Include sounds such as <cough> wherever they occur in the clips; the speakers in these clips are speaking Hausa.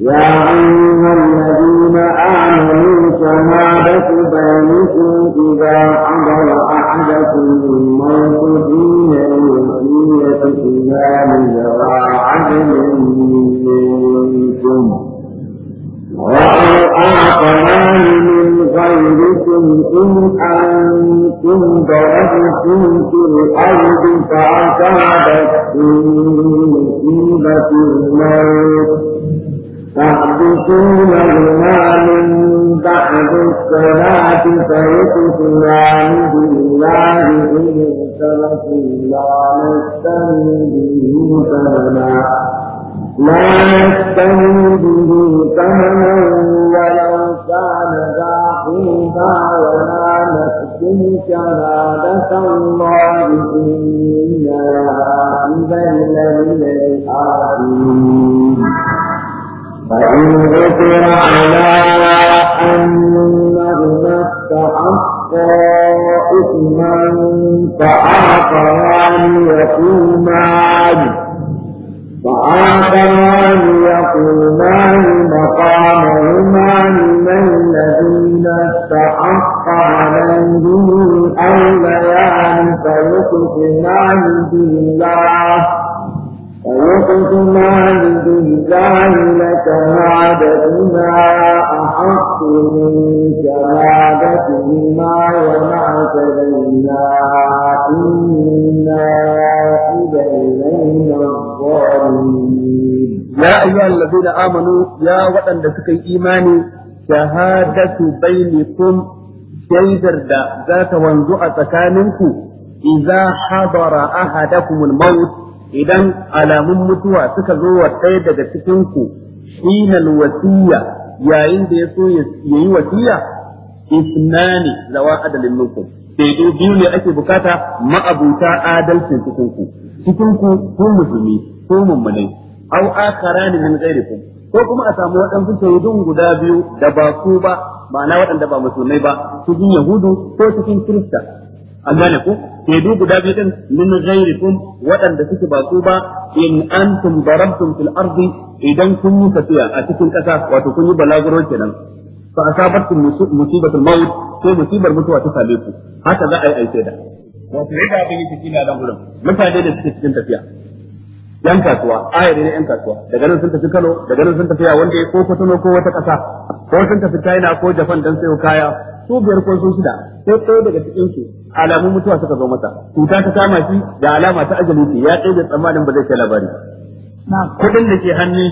يا أيها الذين آمنوا شهادة بينكم إذا حضر أحدكم الموت حين الوصية من ذرى عدل منكم وآخران من غيركم إن أنتم ضربتم في الأرض فأصابتكم مصيبة الموت تحدثونهما من بعد الصلاة فيقسمان بالله إن ارتبتم لا نستمي به ثمنا لا نستمي به ثمنا ولو كان ذا قربى ولا نكتم شهادة الله إنا إذا لمن الحاكمين فإن غفر على أنهما استحقا إثما فآخران يقومان فآخران يقومان مقامهما من الذين استحق عليهم الأوليان فيقسمان بالله فيقسمان بالله لله لشهادتنا أحق من شهادتهما وما اعتدينا إنا إلينا الظالمين يا أيها الذين آمنوا يا وطن لسكي إيماني شهادة بينكم shaidar da za ta wanzu a tsakaninku idza hadara ahadakum al-maut idan alamun mutuwa suka zo wa ɗaya daga cikin ku hinal wasiya yayin da ya so ya yi wasiya isnani zawa adalin minkum sai dai biyu ne ake bukata ma'abuta adalcin cikin ku cikin ku ko musulmi ko mummunai au akharani min ghairikum ko kuma a samu waɗansu shaidun guda biyu da ba ku ba ma'ana waɗanda ba musulmai ba cikin yahudu ko cikin kirista an gane ku shaidu guda biyu din min ghairikum waɗanda suke ba su ba in antum darabtum fil ardi idan kun yi tafiya a cikin ƙasa wato kun yi balaguro kenan fa asabatkum musibatul maut sai musibar mutuwa ta same ku haka za a yi aike da wato yadda abin yake cikin nan gurin mutane da suke cikin tafiya yan kasuwa ayari ne yan kasuwa daga nan sun tafi Kano daga nan sun tafi wanda ya ko Kotono ko wata ƙasa ko sun tafi China ko Japan dan sayo kaya su biyar ko su shida sai ɗaya daga cikin su alamun mutuwa suka zo masa cuta ta kama shi da alama ta ajali ce ya tsaye da tsammanin ba zai kai labari kudin da ke hannu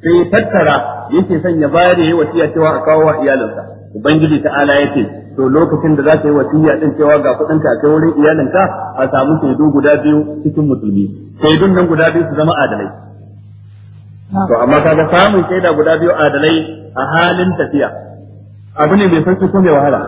sai tattara yake sanya ya da yi wasiya cewa a kawo wa iyalinsa ubangiji ta ala yake to lokacin da za ka yi wasiya din cewa ga kuɗin ka kai wurin iyalinka a samu shaidu guda biyu cikin musulmi shaidun nan guda biyu su zama adalai to amma kaga samun shaida guda biyu adalai a halin tafiya abu ne mai sauki ko mai wahala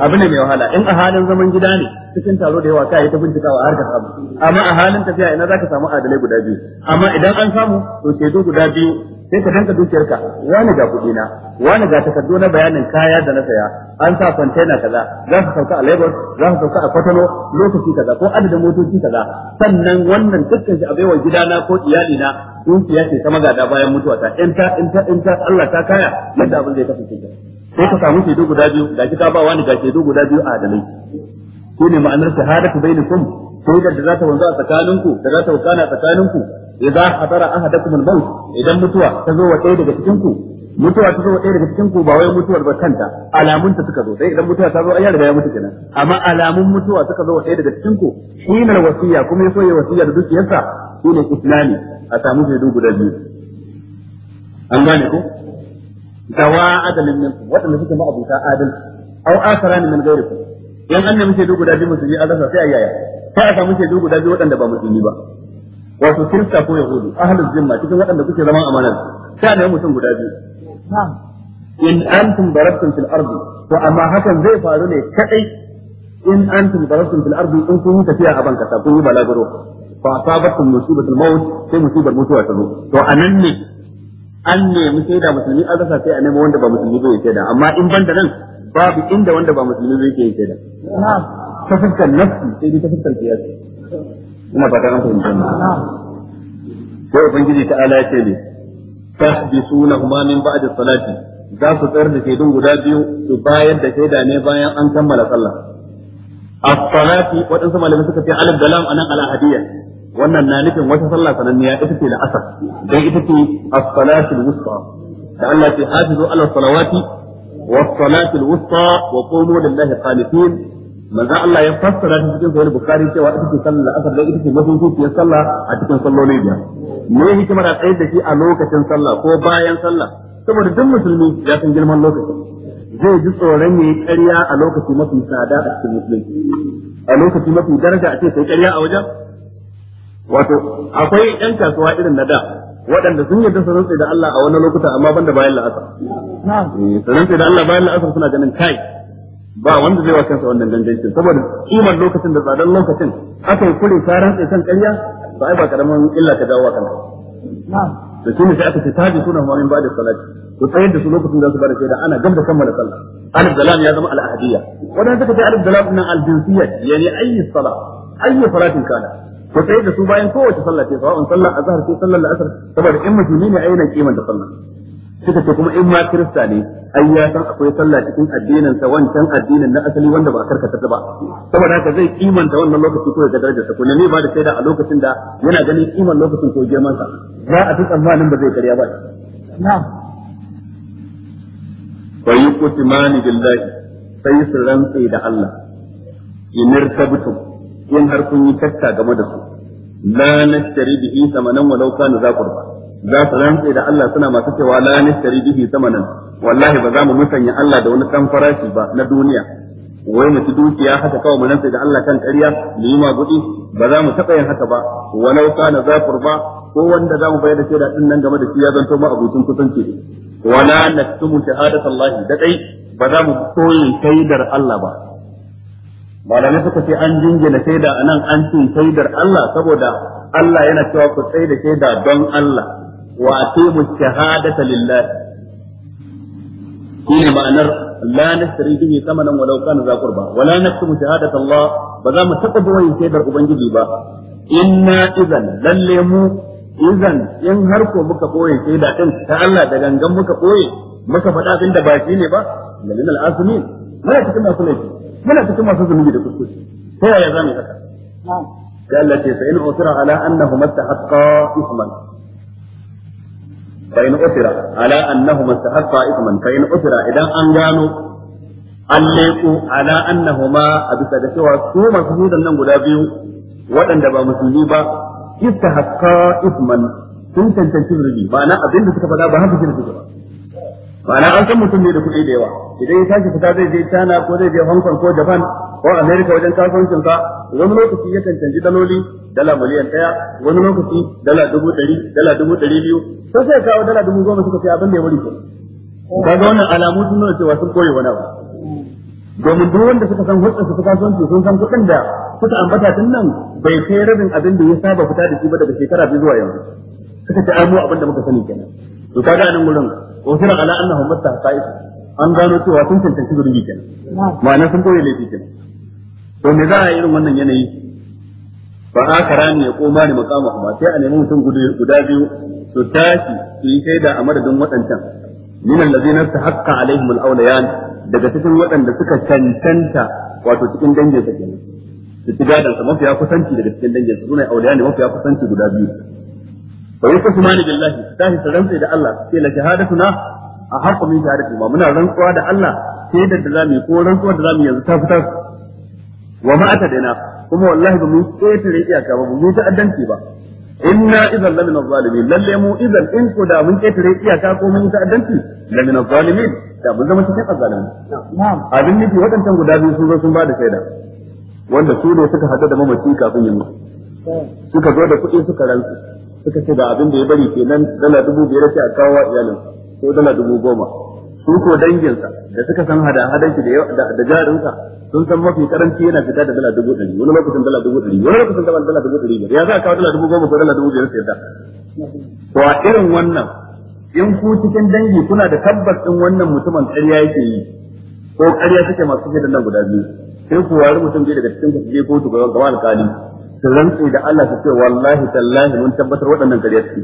abu ne mai wahala in a halin zaman gida ne cikin taro da yawa ka yi ta bincika har ka abu amma a halin tafiya ina zaka samu adalai guda biyu amma idan an samu to zo guda biyu sai ka danka dukiyarka wani ga kuɗi na wani ga takardu na bayanin kaya da na saya an sa kwantena kaza za su sauka a Lagos za su sauka a Kwatano lokaci kaza ko adadin motoci kaza sannan wannan dukkan shi a baiwa na ko iyali na dukiya ce ta magada bayan mutuwa ta in ta in ta in ta Allah ta kaya yadda abin zai kasance kenan sai ka samu shaidu guda biyu ga shi ka ba wani ga shaidu guda biyu a adalai shi ne ma'anar shahadatu bainakum sai da za ta wanzu a tsakaninku da za ta wakana a tsakaninku idan hadara ahadakum al-maut idan mutuwa ta zo wa ɗaya daga cikin ku mutuwa ta zo wa ɗaya daga cikin ba wai mutuwar ba kanta alamun ta suka zo dai idan mutuwa ta zo ai da ya mutu kenan amma alamun mutuwa suka zo wa ɗaya daga cikin shi ne wasiya kuma ya so ya wasiya da dukiyarsa shi ne islami a samu shaidu guda biyu an gane ko dawa adalin min wadanda suke ma'abuta adalci aw asaran min gairiku yan an nemi shaidu guda biyu musulmi an rasa sai ayaya sai a samu guda biyu waɗanda ba musulmi ba wato kirista ko yahudu ahlul zimma cikin waɗanda kuke zaman amanar sai a nemi mutum guda biyu in antum darabtum fil ardi to amma hakan zai faru ne kadai in antum darabtum fil ardi in kun yi tafiya a banka kun yi balaguro sai mutuwa ta to anan ne an nemi shaida musulmi an rasa sai a nemi wanda ba musulmi zai shaida amma in ban da nan babu inda wanda ba musulmi zai ke shaida ta fuskar nafsi sai dai ta fuskar kiyasi ina fata an fahimta ne sai ubangiji ta ala ce ne tahbisunahuma min da salati za su tsayar da shaidun guda biyu su bayar da shaida ne bayan an kammala sallah as-salati waɗansu malamai suka ce alif da lam anan ala hadiyya wannan na nufin wata sallah sananniya ita ce la'asar dan ita ce as-salatul wusta da Allah ce hafizu ala salawati was-salatul wusta wa qumu lillahi qanitin manzo Allah ya fassara ta cikin sahih bukhari cewa ita ce sallar la'asar dan ita ce mafificiyar sallah a cikin salloli biyar me hikimar a tsayar da shi a lokacin sallah ko bayan sallah saboda duk musulmi ya san girman lokacin zai ji tsoron yayi ƙarya a lokaci mafi tsada a cikin musulunci a lokaci mafi daraja a ce sai ƙarya a wajen wato akwai yan kasuwa irin na da waɗanda sun yarda su rantsa da Allah a wani lokuta amma banda bayan la'asar eh, su rantsa da Allah bayan la'asar suna ganin kai ba wanda zai wa kansa wannan gangancin saboda kimar lokacin da tsadar lokacin aka yi kure ka rantsa kan ƙarya ba ai ba karaman illa ka dawo kanka da shi ne sai aka ce taji sunan ma min ba'da salati to tsayar da su lokacin da su bada shaida ana gaba kammala sallah alif dalam ya zama al ahadiyya wadanda suka ce alif dalam nan al jinsiyya yani ayyi salat ayyi salatin kana ku sai da su bayan kowace sallah ce sawa'un a azhar ce sallar la'asar saboda in mutumi ne ai yana kimanta sallah suka ce kuma in ma kirista ne ai ya san akwai sallah cikin addinin sa wancan addinin na asali wanda ba a karkata ba saboda haka zai kimanta wannan lokaci ko ga darajarsa ko ne ba da shaida a lokacin da yana ganin kiman lokacin ko girman sa za a duk tsammanin ba zai karya ba na'am fa yuqtimani billahi sai su rantsi da Allah inirtabtum in har kun yi shakka game da su la nashtari bihi samanan walau kana za qurba za su rantse da Allah suna masu cewa la nashtari bihi samanan wallahi ba za mu musanya Allah da wani kan farashi ba na duniya wai mu ci dukiya haka kawai mu rantse da Allah kan ƙarya mu yi magudi ba za mu taɓa yin haka ba walau kana za qurba ko wanda za mu bayar da shaida din nan game da shi ya zanto ma abucin kusanci wala naktumu shahadatallahi da dai ba za mu koyi shaidar Allah ba malamai suka ce an jingina shaida a nan an ce shaidar Allah saboda Allah yana cewa ku sai da shaida don Allah wa atimu shahadata lillahi ne ma'anar la nasri bihi samanan walau kana za qurba wala mu shahadata Allah ba za mu taɓa bayin shaidar ubangiji ba inna idan lalle mu izan, in har ko muka koye shaida ɗin ta Allah da gangan muka koye muka faɗa abin da ba shi ne ba lalil asmin mana cikin masu laifi muna cikin masu zunubi da kuskure ta yaya za zamu haka da Allah ce in usira ala annahuma tahaqqa isman fa in usira ala annahuma tahaqqa isman fa in usira idan an gano an leko ala annahuma a bisa da cewa su masu zunuban nan guda biyu waɗanda ba musulmi ba istahaqqa isman sun tantance zunubi ma'ana abinda suka faɗa ba haka suke ba ma'ana an san mutum ne da kuɗi da yawa idan ya tashi fita zai je China ko zai je Hong Kong ko Japan ko America wajen kasuwancin sa wani lokaci yakan canji daloli dala miliyan ɗaya wani lokaci dala dubu ɗari dala dubu ɗari biyu sai sai kawo dala dubu goma suka fi abin da ya wuri ke ga wannan alamu sun nuna cewa sun koyi wani abu domin duk wanda suka san hulɗar su kasuwanci sun san kuɗin da suka ambata tun nan bai kai rabin abin da ya saba fita da shi ba daga shekara biyu zuwa yanzu suka ci amu abin da muka sani kenan to kaga nan gurin ufira ala annahum mustahqais an gano cewa sun cancanci zurgi kenan ma'ana sun koyi laifi kenan to me za a irin wannan yanayi ba a kara ya koma ne makama kuma sai a nemi mutum guda biyu su tashi su yi shaida a madadin waɗancan min allazina tahaqqa alaihim al-awliyan daga cikin waɗanda suka cancanta wato cikin dangin sa kenan su ci gadan sa mafiya kusanci daga cikin dangin sa sunai ne mafiya kusanci guda biyu bai yi kuma ni billahi tashi ta rantsa da Allah sai la jihadatuna a haƙƙo min jihadatu ma muna rantsuwa da Allah sai da da zamu ko rantsuwa da zamu yanzu ta fitar wa ma atadina kuma wallahi ba mu ƙetare iyaka ba mu ta'addanci ba inna idan lamin zalimin lalle mu idan in ko da mun ƙetare iyaka ko mun ta'addanci addanci lamin zalimin da mun zama cikin azzalimi abin nufi waɗancan guda biyu sun zo sun ba da shaida wanda su ne suka hada da mamaci kafin yin suka zo da kuɗi suka rantsu suka ce da abin da ya bari kenan dala dubu biyar sai a kawo wa ko dala dubu goma su ko danginsa da suka san hada hadan shi da jarinsa sun san mafi karanci yana fita da dala dubu ɗari wani lokacin dala dubu ɗari wani lokacin dala dubu ɗari ne. ya za a kawo dala dubu goma ko dala dubu biyar sai da to a irin wannan in ku cikin dangi kuna da tabbas din wannan mutumin ƙarya yake yi ko ƙarya take masu da nan guda biyu sai ku wari mutum biyu daga cikin ku je kotu wani alƙali su rantsi da Allah su ce wallahi tallahi mun tabbatar waɗannan ƙarya su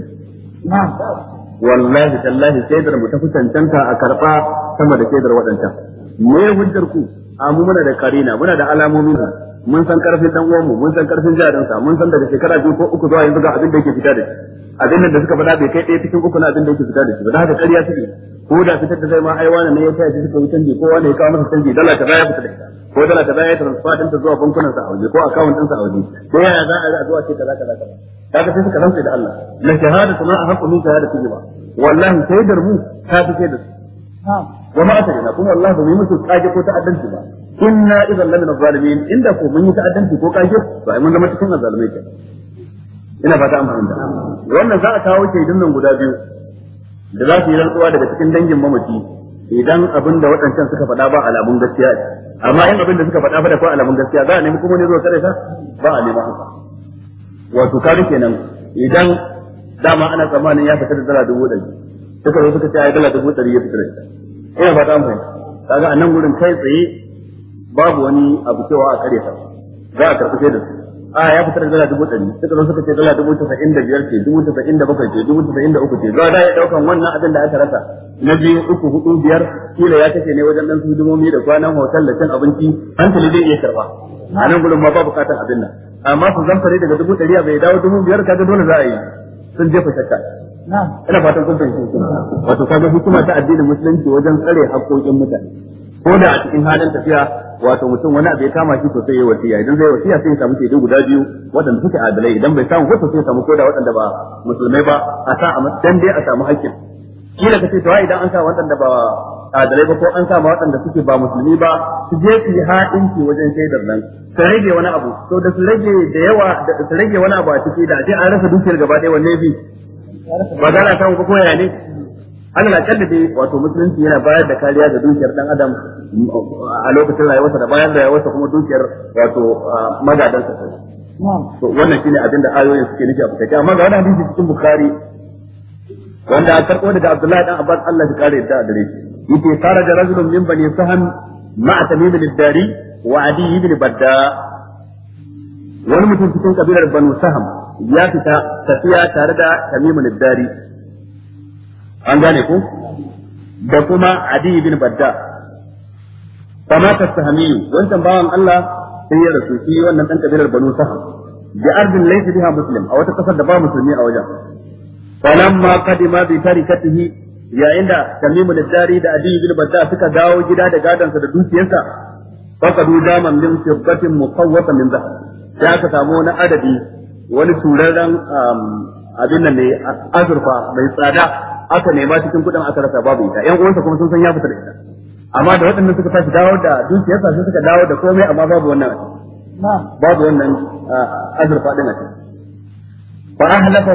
wallahi tallahi shaidar mu ta fi cancanta a karɓa sama da shaidar waɗancan me hujjar ku a mu muna da karina muna da alamomin mu mun san karfin dan uwanmu mun san karfin jarinsa mun san daga shekara biyu ko uku zuwa yanzu ga abin da yake fita da shi abin da suka faɗa bai kai ɗaya cikin uku na abin da yake fita da shi ba da haka ƙarya suke ko da fitar da zai ma aiwa ne ya taya shi suka yi canji ko wani ya kawo masa canji dala ta baya fita da ita ko dala ta baya transfer din ta zuwa bankunan sa a waje, ko account din sa auje ko yaya za a zuwa ce kaza kaza kaza kaga sai suka rantsa da Allah Na shahada shahadatu ma ahqqu min shahadati ba wallahi shaidar mu ta fi shaidar wa ma atarina kuma wallahi ba mu yi musu kage ko ta'addanci ba inna idan lamina zalimin inda ko mun yi ta'addanci ko kage ba mun zama cikin azalmai kenan ina fata an fahimta wannan za a kawo shaidan nan guda biyu da za su yi rantsuwa daga cikin dangin mamaci idan abin da waɗancan suka faɗa ba alamun gaskiya ne, amma in abin da suka faɗa ba da kuma alamun gaskiya za a nemi kuma ne zuwa kare ta ba a nema haka wato kare kenan idan dama ana tsammanin ya fita da dala dubu ɗari suka zo suka ce dala dubu ɗari ya fita da ita ina ba ta amfani kaga a nan wurin kai tsaye babu wani abu cewa a kare ta za a karɓi sai da su a ya fitar da dala dubu ɗari suka zo suka ce dala dubu tasa'in da biyar ce dubu tasa'in da bakwai ce dubu tasa'in da uku ce zuwa da ya ɗaukan wannan abin da aka rasa na biyu uku hudu biyar kila ya kashe ne wajen ɗan hidimomi da kwanan hotel da cin abinci hankali zai iya karɓa a nan gudun ma ba bukatar abin nan amma su zamfare daga dubu ɗari a bai dawo dubu biyar kaga dole za a yi sun jefa shakka ina fatan kun fahimci wato kaga hikima ta addinin musulunci wajen tsare haƙoƙin mutane ko da a cikin halin tafiya wato mutum wani abu ya kama shi sosai yayi wasiya idan zai wasiya sai ya samu shaidu guda biyu waɗanda suke adalai idan bai samu ko sai ya samu koda waɗanda ba musulmai ba a sa a dan dai a samu hakkin kila kace to idan an sa waɗanda ba adalai ba ko an sa ma waɗanda suke ba musulmi ba su je su yi ha'inci wajen shaidar nan su rage wani abu to da su rage da yawa su rage wani abu a ciki da je an rasa dukiyar gaba ɗaya wanne bi ba za a samu ko ya ne ana na kalla dai wato musulunci yana bayar da kariya ga dukiyar dan adam a lokacin rayuwarsa da bayan rayuwarsa kuma dukiyar wato magadansa ta to wannan shine abin da ayoyin suke nufi a fakaice amma ga wani hadisi cikin bukhari wanda a karɓo daga abdullahi dan abbas Allah ya kare da a yake shi yake rajulun min bani sahan ma'a tamim al-dari wa adi ibn badda wani mutum cikin kabilar banu saham ya fita tafiya tare da tamim al-dari an gane ku? da kuma adi bin badda fa ma tasahmiyu wannan bawan Allah sai ya rasu shi wannan dan kabilar banu sahab bi ardin laysa biha muslim a wata kasar da ba musulmi a wajen falamma qadima bi tarikatihi yayin da tamimu dari da adi bin badda suka dawo gida da gadansa da dukiyarsa faqadu daman min fiddatin muqawwata min dhahab Ya ka samu na adadi wani turaren um, abin nan ne azurfa mai tsada aka nema cikin kuɗin aka rasa babu ita yan uwansa kuma sun san ya fita da ita amma da waɗannan suka tashi dawo da dukiyar sa suka dawo da komai amma babu wannan a babu wannan azurfa din a ciki fa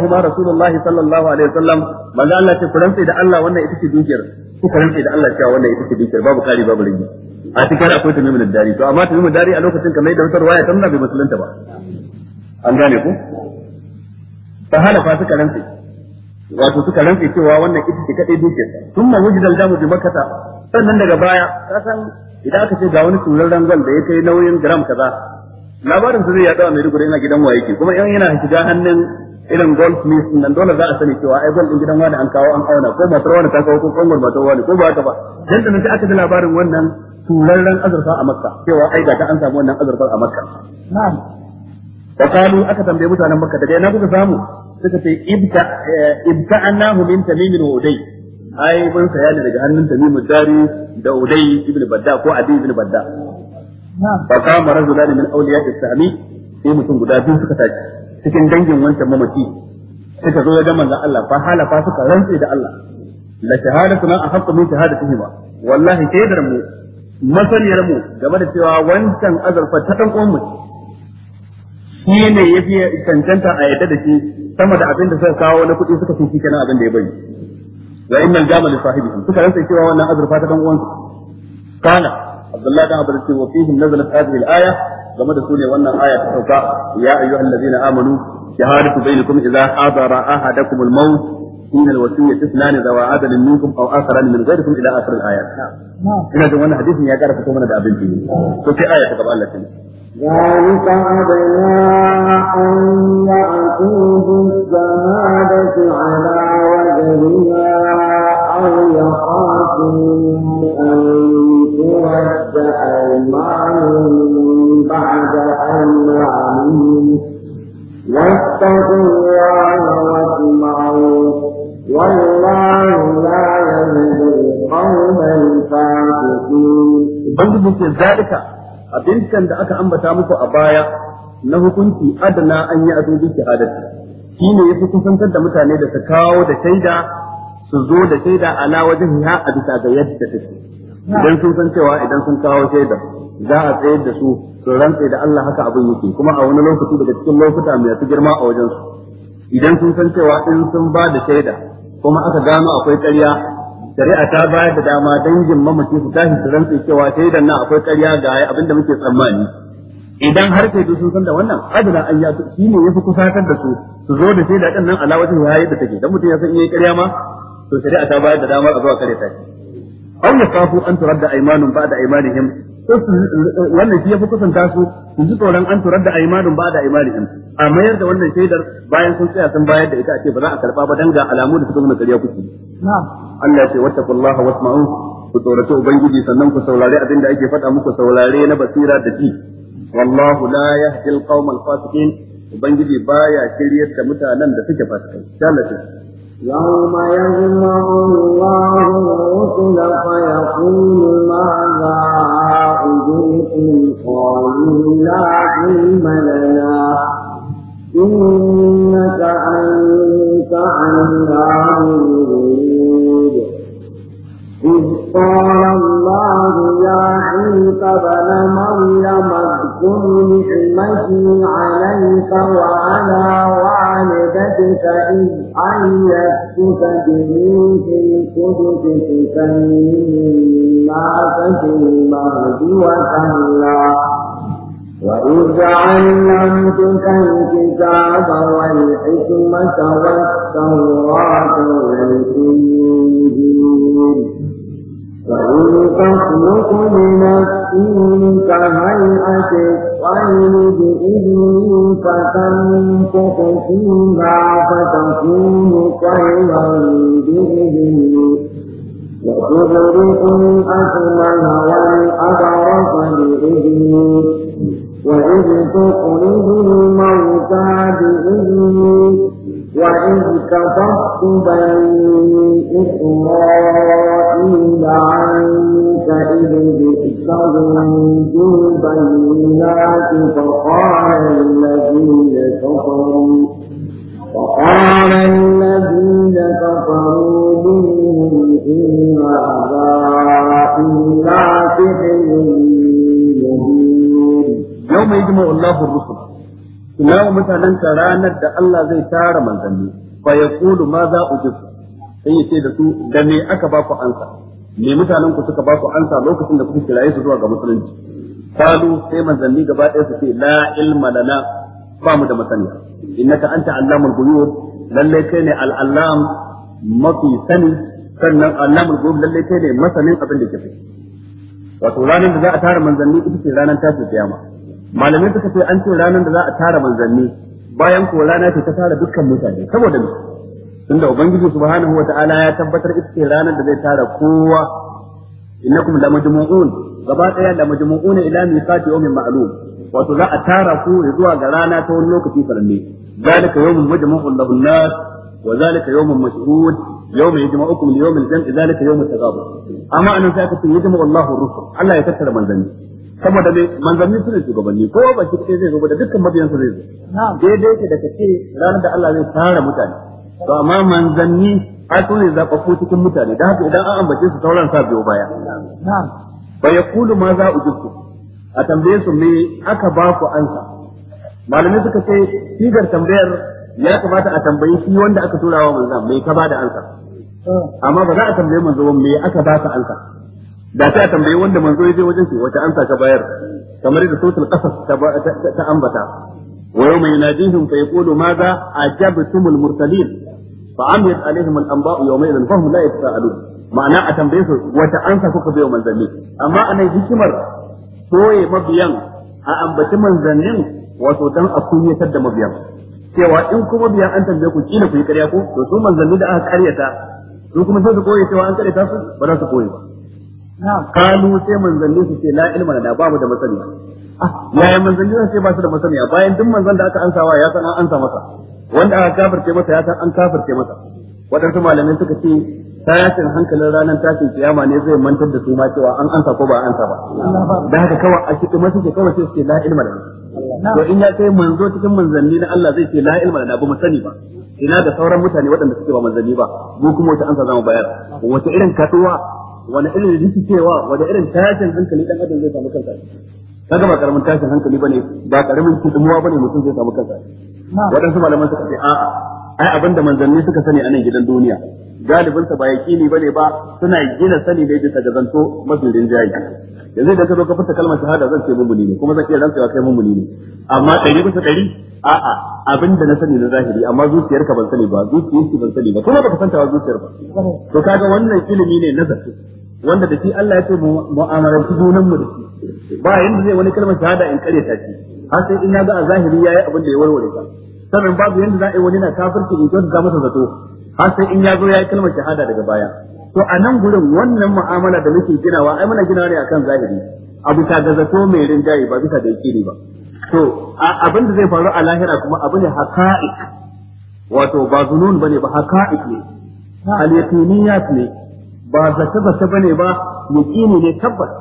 huma rasulullahi sallallahu alaihi wasallam manzo Allah ce kuranci da Allah wannan ita ce dukiyar ku kuranci da Allah cewa wannan ita ce dukiyar babu kari babu rigi a cikin akwai da dari to amma tamimul dari a lokacin kamar da wutar waya tana bai musulunta ba an gane ku fa halafa suka rantsi wato suka rantsi cewa wannan ita ce kadai dukiyarsa thumma wujida al-damu bi makata sannan daga baya ka san idan aka ce ga wani turarren rangon da ya kai nauyin gram kaza labarin su zai mai a Maiduguri ina gidan wa yake kuma yan yana shiga hannun irin golf ne nan dole za a sani cewa ai golf din gidan wani an kawo an auna ko matar wani ta kawo ko kangon matar wani ko ba haka ba dan da nake aka ji labarin wannan turarren azurfa a Makka cewa ai ga ta an samu wannan azurfar a Makka na'am wa kalu aka tambaye mutanen Makka daga ina kuka samu suka ce ibta eh, ibta min tamim wa uday ai mun saya ne daga hannun tamim dari da uday ibn badda ko abi ibn badda fa qama rajulan min awliya as-sami sai mutum guda biyu suka tashi cikin dangin wancan mamaci suka zo ga manzon Allah fa halafa suka rantsi da Allah la shahadatuna ahaqqu min shahadatihima wallahi shaidar mu masaniyar mu game da cewa wancan azurfa ta dan uwan mu shi ne ya fi cancanta a yadda da shi sama da abin da suka kawo na kuɗi suka fi kenan abin da ya bari wa innal jamal sahibi suka rantsa cewa wannan azurfa ta dan uwansu kana abdullahi dan abdul ce wa fihim nazalat hadhihi al-aya game da sune wannan aya ta sauka ya ayyuhal ladina amanu shahadatu bainakum idza hadara ahadakum al-maut إن الوصية اثنان ذوى عدل منكم أو آخران من غيركم إلى آخر الآيات. إن هذا حديث يا جارة من هذا أبن فيه. وفي آية تبقى الله ذلك أدنى أن يأتوه الشهادة على وجهها أو يخافوا أن ترد أيمان بعد أيمانهم واتقوا الله واسمعوا والله لا يهدي القوم الفاسقين. abincin da aka ambata muku a baya na hukunci adana an yi azo bi shahadati shine yafi kusantar da mutane da su kawo da shaida su zo da shaida a na wajen ya a bisa ga yadda take idan sun san cewa idan sun kawo shaida za a tsayar da su su rantse da Allah haka abin yake kuma a wani lokaci daga cikin lokuta mai su girma a wajen su idan sun san cewa in sun ba da shaida kuma aka gano akwai ƙarya shari'a ta bayar da dama dangin mamaki su tashi su rantsi cewa shaidan nan akwai ƙarya ga abin da muke tsammani idan har sai su san da wannan adala an ya shi ne yafi kusatar da su su zo da shaida din nan ala ya yi da take dan mutum ya san yayi ƙarya ma to shari'a ta bayar da dama a zuwa kare ta shi aw kafu an turadda aymanun ba'da aymanihim wannan shi yafi kusanta su su ji tsoron an turadda aymanun ba'da aymanihim a mayar da wannan shaidar bayan sun tsaya sun bayar da ita a ce ba za a karba ba dan ga alamu da suka nuna ƙarya kuke na'am Allah ya ce wattaqullaha wasma'u ku tsorata ubangiji sannan ku saurare abin da ake faɗa muku saurare na basira da ji wallahu la yahdil alqawma alfasiqin ubangiji baya shiryar da mutanen da suke fasikai Allah يوم يجمع الله الرسل فيقول ماذا أجئتم قالوا لا علم لنا إنك أنت علام قال الله يا عيسى بن مريم اذكر نعمتي عليك وعلى والدتك إذ أيدتك بروح القدس تسمي الناس في المهد وكهلا وإذ علمتك الكتاب والحكمة والتوراة والإنجيل فإن تخلق بنفسه كهيئة الطير بإذنه فتنفخ فيها فتكون طيرا بإذنه وتبرئ الأكمه والأبرص بإذنه وإذ تخرج الموتى بإذنه وإذ كفرت بني إسرائيل عنك إذ جئتهم بالبينات فقال الذين كفروا فقال الذين كفروا منهم إن هذا إلا سحر مبين يوم يجمع الله الرسل ina wa mutanen ka ranar da Allah zai tara manzanni fa yaqulu ma za ujibu sai ya ce da su da me aka ba ku ansa me mutanen ku suka ba ku ansa lokacin da kuka kiraye su zuwa ga musulunci qalu sai manzanni gaba ɗaya su ce la ilma lana ba mu da masaniya innaka anta allamul ghuyub lalle kai ne al-allam mafi sani sannan allamul ghuyub lalle kai ne masanin abin da ke fi wato ranar da za a tara manzanni ita ce ranar tashin kiyama malamai suka ce an ce ranar da za a tara manzanni bayan ko rana ce ta tara dukkan mutane saboda me tunda ubangiji subhanahu wataala ya tabbatar ita ce ranar da zai tara kowa innakum lamajmu'un gaba daya lamajmu'un ila miqati yawmin ma'lum wato za a tara ku zuwa ga rana ta wani lokaci sananne zalika yawmun majmu'un lahu an-nas wa zalika yawmun mashhud يوم يجمعكم ليوم الجمع ذلك يوم التغابن أما أن سأكتب يجمع الله الرسل الله يكثر من ذنبه saboda mai manzanni su ne shugabanni ko ba shi kuɗi zai zo ba da dukkan mabiyansa zai zo daidai ke da kace ranar da Allah zai tara mutane to amma manzanni ai su ne zaɓaɓɓu cikin mutane da haka idan an ambace su sauran sa biyo baya ba ya kulu ma za u jikku a tambaye su me aka ba ku ansa malamai suka ce sigar tambayar ya kamata a tambayi shi wanda aka tura wa manzan me ka ba da ansa oh. amma ba za a tambaye manzo me aka ba ka ansa da sai a tambayi wanda manzo ya je wajen shi wata amsa ka bayar kamar da sautul qasas ta ambata wa yawma yunadihim fa yaqulu madha ajabtumul mursalin fa amir alaihim al anba yawma idan fahum la yasalun ma'ana a tambaye su wata amsa kuka bayo manzanni amma anan hikimar soye mabiyan a ambaci manzannin wato dan a kunyatar da mabiyan cewa in kuma biyan an tambaye ku kila ku yi ƙarya ko to su manzanni da aka ƙaryata su kuma sai su koye cewa an ƙaryata su ba za su koye ba kalu sai manzanni su ce la ilma da babu da masaniya ah, ah. yayin manzanni su ce ba su da masaniya bayan duk manzan da aka ansawa ya san an ansa masa wanda aka kafirce masa ya san an kafirce masa wadansu malamai suka ce tashin hankalin ranar tashin kiyama ne zai mantar da su ma cewa an ansa ko ba an ansa ba da haka kawai a cikin masu ke kawai sai ce la ilma da to in ya kai manzo cikin manzanni na Allah zai ce la ilma da ba masani sani ba ina da sauran mutane waɗanda suke ba manzanni ba mu kuma wata ansa zamu bayar wata irin kasuwa wani irin rikicewa wani irin tashin hankali dan adam zai samu kansa kaga ba karamin tashin hankali bane ba karamin ba bane mutum zai samu kansa waɗansu malaman suka ce a'a ai abinda manzanni suka sani a nan gidan duniya galibin sa ba yaqini bane ba suna gina sani da bisa ga zanto mafi jayi yanzu idan ka zo ka fita kalmar shahada zan ce mummuni ne kuma zan iya rantsewa kai mummuni ne amma ɗari bisa ɗari a'a abin da na sani na zahiri amma zuciyarka ban sani ba zuciyarki ban sani ba kuma baka santa zuciyar ba to kaga wannan ilimi ne na zato wanda da shi Allah ya ce mu junan mu da shi ba yanda zai wani kalmar shahada in kare ta shi har sai in a zahiri yayi abin da ya warware ta sannan babu yanda za a yi wani na kafirci in kyautu za masa zato har sai in ya zo yayi kalmar shahada daga baya to a nan gurin wannan mu'amala da muke ginawa ai muna ginawa ne akan zahiri a bisa ga zato mai rinjaye ba bisa da yake ba to abin da zai faru a lahira kuma abu ne haka'ik wato ba zunun bane ba haka'ik ne al ne ba zata zata bane ba yaqini ne tabbas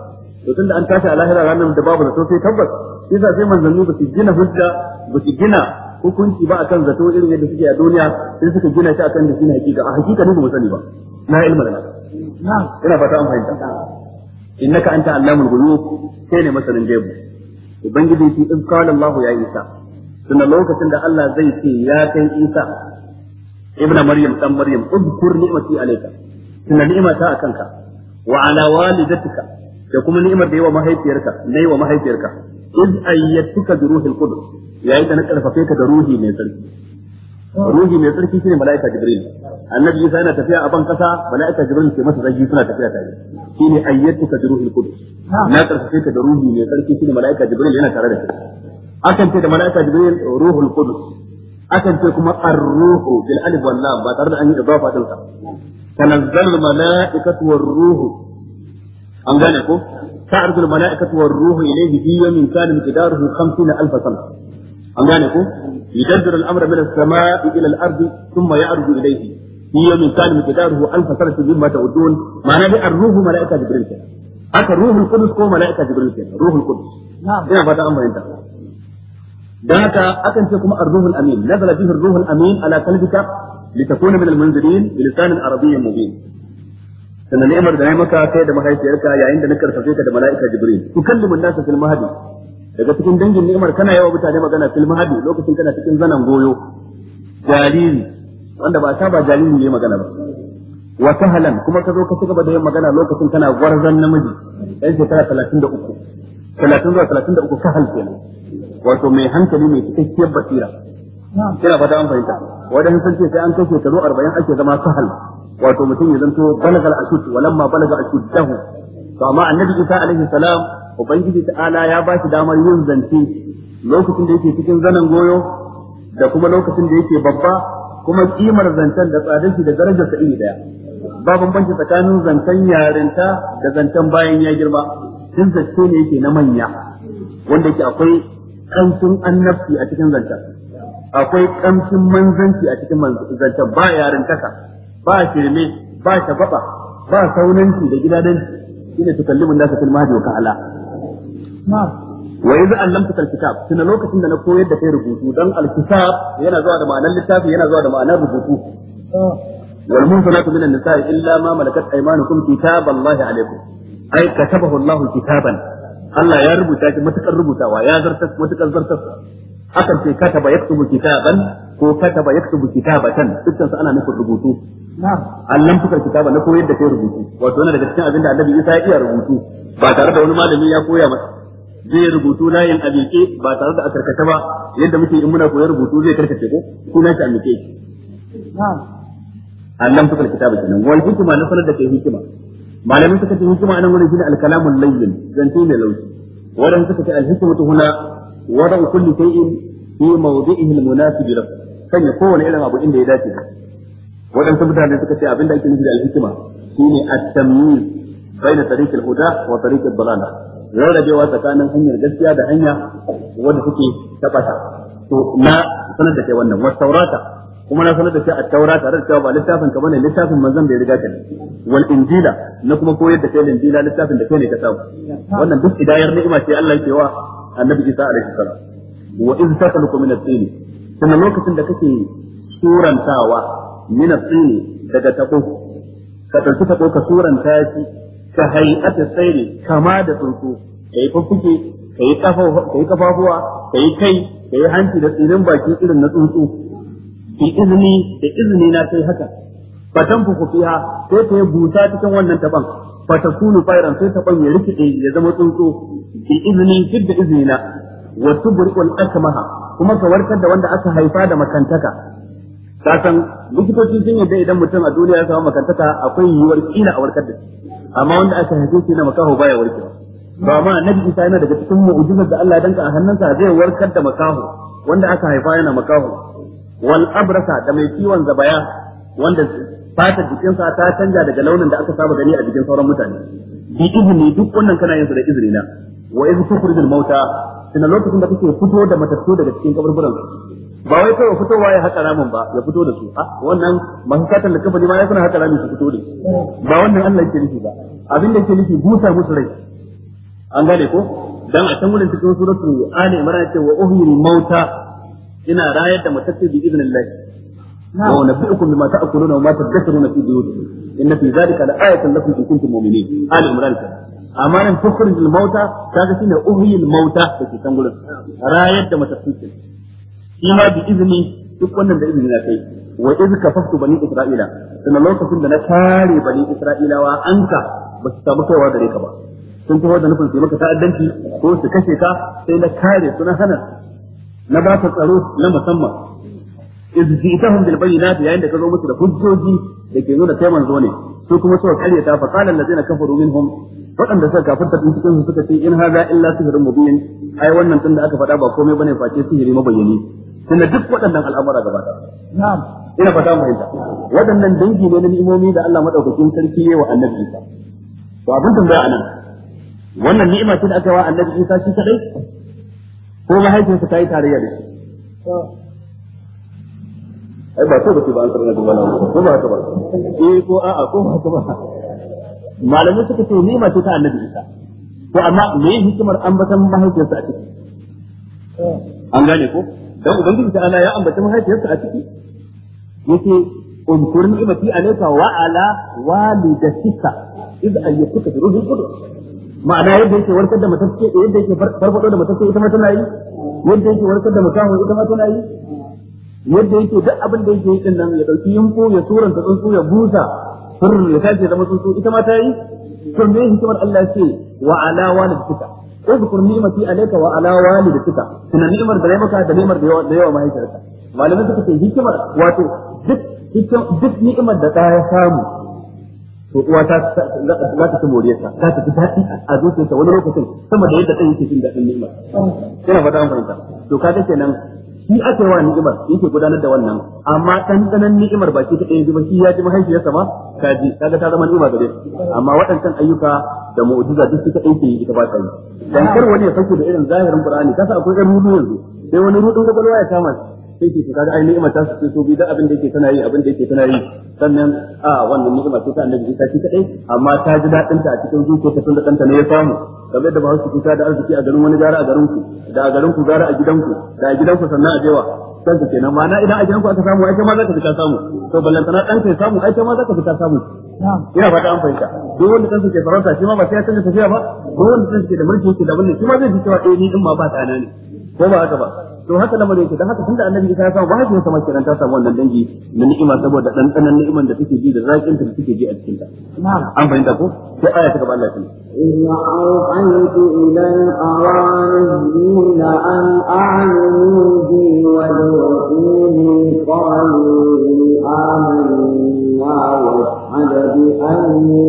to tunda an tashi a lahira ranar da babu zato sai tabbas yasa sai manzanni ba su gina hujja ba su gina hukunci ba akan zato irin yadda suke a duniya sai suka gina shi akan da shi hakika a hakika ne mu sani ba na ilma da na ina fata an fahimta innaka anta allamul ghuyub kai ne masanin gaibu ubangiji shi in qala allah ya isa tunda lokacin da Allah zai ce ya kai isa ibnu maryam dan maryam udkur ni'mati alayka Suna ni'ima ta akan ka wa ala walidatika da kuma ni'imar da yawa mahaifiyarka na yawa mahaifiyarka iz ayyatuka bi ruhil qudus yayin da na karfafe ka da ruhi mai tsarki ruhi mai tsarki shine malaika jibril annabi isa yana tafiya a ban kasa malaika jibril ke masa zagi suna tafiya tare shine ayyatuka bi ruhil qudus na karfafe ka da ruhi mai tsarki shine malaika jibril yana tare da kai akan ce da malaika jibril ruhul qudus akan ce kuma ar-ruhu bil alif wal lam ba tare da an yi idafa din tanazzal mala'ikatu war ruhu an gane ko ta'rudul mala'ikatu war ruhu ilayhi fi yawmin kana miqdaruhu 50 alf sana an gane ko يدبر الامر من السماء الى الارض ثم يعرض اليه في يوم كان مقداره الف سنه مما تعدون معناه دي الروح ملائكه جبريل كده الروح القدس هو ملائكه جبريل كده روح القدس نعم ina fata an bayyana dan haka akan ce kuma a ruhul amin nazala bihi ar amin ala qalbika litakuna min al-munzirin bi lisan mubin ni'imar da nayi maka kai da mahaifiyarka yayin da na karfafe ka da mala'ika jibril tukallimu an-nasa fil mahdi daga cikin dangin ni'imar kana yawa mutane magana fil mahdi lokacin kana cikin zanan goyo jariri wanda ba saba jariri ne magana ba wa sahlan kuma ka zo ka cigaba da yin magana lokacin kana gwarzan namiji dan shekara 33 30 zuwa 33 sahal kenan wato mai hankali mai cikakkiyar basira kina fata an fahimta wadan sun ce sai an kai shekaru 40 ake zama sahal wato mutum ya zanto balagal ashud walamma balaga ashuddahu to amma annabi Isa alaihi salam ubangiji ta'ala ya ba shi damar yin zance lokacin da yake cikin zanen goyo da kuma lokacin da yake babba kuma kimar zancen da tsadar shi da darajar sa iri daya ba bambanci tsakanin zancen yarinta da zancen bayan ya girma Sun zace ne yake na manya wanda yake akwai kamshin annabci a cikin zancen akwai kamshin manzanci a cikin zancen ba yaren kasa ba shirme ba shababa ba saunanci da gidadanci shine tukallimun nasa fil mahdi wa ka'ala wa idza allamtuka alkitab tuna lokacin da na koyar da kai rubutu dan alkitab yana zuwa da ma'anar littafi yana zuwa da ma'anar rubutu wal munsalatu minan nisa'i illa ma malakat aymanukum kitaballahi alaykum ay katabahu Allahu kitaban Allah ya rubuta shi matukar rubutawa ya zartas matukar zartaswa akan ce kataba yaktubu kitaban ko kataba yaktubu kitabatan dukkan su ana nufin rubutu Allah fuka kitaba na koyar da kai rubutu wato yana daga cikin abin da Annabi Isa ya iya rubutu ba tare da wani malami ya koya masa zai rubutu layin yin miƙe ba tare da a ba yadda muke in muna koyar rubutu zai karkace ko kuna shi a Allah ya fuka kitaba kenan wal hikma na sanar da kai hikima malamin suka ce hikima anan wurin shine al-kalamul layyin zance mai laushi wadan suka ce al-hikmatu huna wada'u kulli shay'in fi mawdi'ihi al-munasib lahu sanya kowane irin abu inda ya dace da waɗansu mutane suka ce abinda ake nufi da al-hikima shine at-tamyiz baina tariq al-huda wa tariq ad-dalala rarrabewa tsakanin hanyar gaskiya da hanya wadda suke tabata to na sanar da kai wannan wa taurata kuma na sanar da shi a taura tare da cewa ba littafin ka ne, littafin manzon da ya riga ka wal injila na kuma koyar da kai injila littafin da kai ne ka samu wannan duk idayar ni'ima ce Allah yake wa annabi Isa alaihi salam wa iz taqaluku min at-tin kuma lokacin da kake surantawa min at-tin daga tako ka dauki tako ka suranta shi ka hay'ata sayri kama da tsuntsu kai fuffuke kai kafafuwa kai kai kai hanci da tsinin baki irin na tsuntsu bi izini da izini na sai haka fa tanfuku fiha sai ta busa cikin wannan taban fa takunu fayran sai taban ya rikide ya zama tsuntsu bi izini fid da izini na wa tubriqu al akmaha kuma ka warkar da wanda aka haifa da makantaka kasan likitoci sun yadda idan mutum a duniya ya samu makantaka akwai yiwuwar kila a warkar da shi amma wanda aka haife shi na makaho baya warkewa ba ma annabi Isa yana daga cikin mu'jizar da Allah danka a hannunsa zai warkar da makaho wanda aka haifa yana makaho wal abrasa da mai ciwon zabaya wanda fatar jikinsa ta canja daga launin da aka saba gani a jikin sauran mutane bi izini duk wannan kana yin su da izini na wa idh tukhrijul mauta tana lokacin da kake fito da matattu daga cikin kaburburan ba wai kawai fitowa ya haƙa ramin ba ya fito da su a ah, wannan masu katan da kafari ma ya kuna haƙa ramin su fito da ba wannan Allah yake nufi ba abin da yake nufi busa musu rai an gane ko dan a can wurin cikin suratul ali imran ce wa uhyil mauta ina rayar da matattu bi izinin idnillah wa nabiyukum bima ta'kuluna wa ma tadhkuruna fi buyutikum inna fi dhalika la'ayatan lakum in kuntum mu'minin ali imran amma nan tukhrijul al-mauta kaga shine uhyil mauta da ke can gurin rayar da matattu ke shi ma bi izini duk wannan da izini na kai wa iz kafaftu bani isra'ila sannan lokacin da na kare bani wa anka ba su samu kaiwa gare ka ba sun kuma da nufin su maka ta'addanci ko su kashe ka sai na kare su na hana na ba ka tsaro na musamman ji iz ji'tahum bil bayyinati yayin da ka zo musu da hujjoji da ke nuna kai manzo ne su kuma suka karyata fa qala allazina kafaru minhum waɗanda suka kafirta din cikin su suka ce in haza illa sihrun mubin ai wannan tun da aka faɗa ba komai bane face sihiri mabayyani tunda duk waɗannan al'amura gaba ɗaya na'am ina fata mu fahimta waɗannan dangi ne na ni'imomi da Allah madaukakin sarki yayi wa annabi Isa to abin tambaya anan wannan ni'ima ce da aka wa annabi Isa shi kadai ko mahaifiyarsa ta yi tarayya da shi ai ba ko ba ce ba an tsarnar ba ko ba haka ba eh ko a'a ko ba haka ba malamai suka ce ni mace ta annabi isa ko amma me hikimar ambatan mahaifiyarsa a ciki an gane ko dan ubangiji ta ana ya ambata mahaifiyarsa a ciki yace umkur ni'mati alayka wa ala walidatika iz ayyuka bi ruhil qudus ma'ana yadda yake warkar da matacce yadda yake farfado da matacce ita ma tana yi yadda yake warkar da makaho ita ma tana yi yadda yake duk abin da yake yi din nan ya dauki yunfu ya turanta tsuntsu ya busa fur ya tace zama tsuntsu ita ma ta yi to me hikimar Allah ce wa ala walidika اذكر نعمتي عليك وعلى والدتك ان نعمر da maka da ni'imar da yawa mahaifiyarka malamai suka ce hikimar wato duk duk ni'imar da ta samu to uwa ta za ta more ta ta fi daɗi a zuciyarta wani lokacin sama da yadda ɗan yake jin daɗin ni'ima yana fata an fahimta to kaga kenan shi aka wa ni'imar yake gudanar da wannan amma ɗanɗanan ni'imar ba shi ta ɗaya ba shi ya ji mahaifiyarsa sama ka ji ga ta zama ni'ima gare amma waɗancan ayyuka da mu'jiza duk suka ɗauke ita ba ta yi dan kar wani ya fashe da irin zahirin qur'ani kasa akwai ɗan rudu yanzu sai wani rudun kwakwalwa ya kama shi sai ki kaga ai ni'ima ta su ce so bi da abin da yake tana yi abin da yake tana yi sannan a wannan ni'ima ce ta annabi ta ci kadai amma ta ji dadin ta a cikin zuciya ta da kanta ne ya samu kamar da ba su kuta da arziki a garin wani gara a garin ku da a garin ku gara a gidan ku da a gidan ku sannan a jewa kanka kenan ma na idan a gidan ku aka samu ai kai ma za ka fita samu to tana dan kai samu ai kai ma za ka fita samu ina fata an fahimta duk wanda kansa ke farauta shi ma ba sai ya canza tafiya ba duk wanda kansa ke da mulki yake da wannan shi ma zai ji cewa eh ni din ma ba tsana ne ko ba haka ba to haka lamarin yake dan haka tunda annabi ya samu ba su kamar kiran ta samu wannan dangi na ni'ima saboda dan tsanan ni'iman da take ji da zakin ta da take ji a cikin ta an fahimta ko sai aya ta gaba Allah ta inna awqantu ila al-awarizin an a'lamu bi wa rasuli qalu amanna wa hada bi anni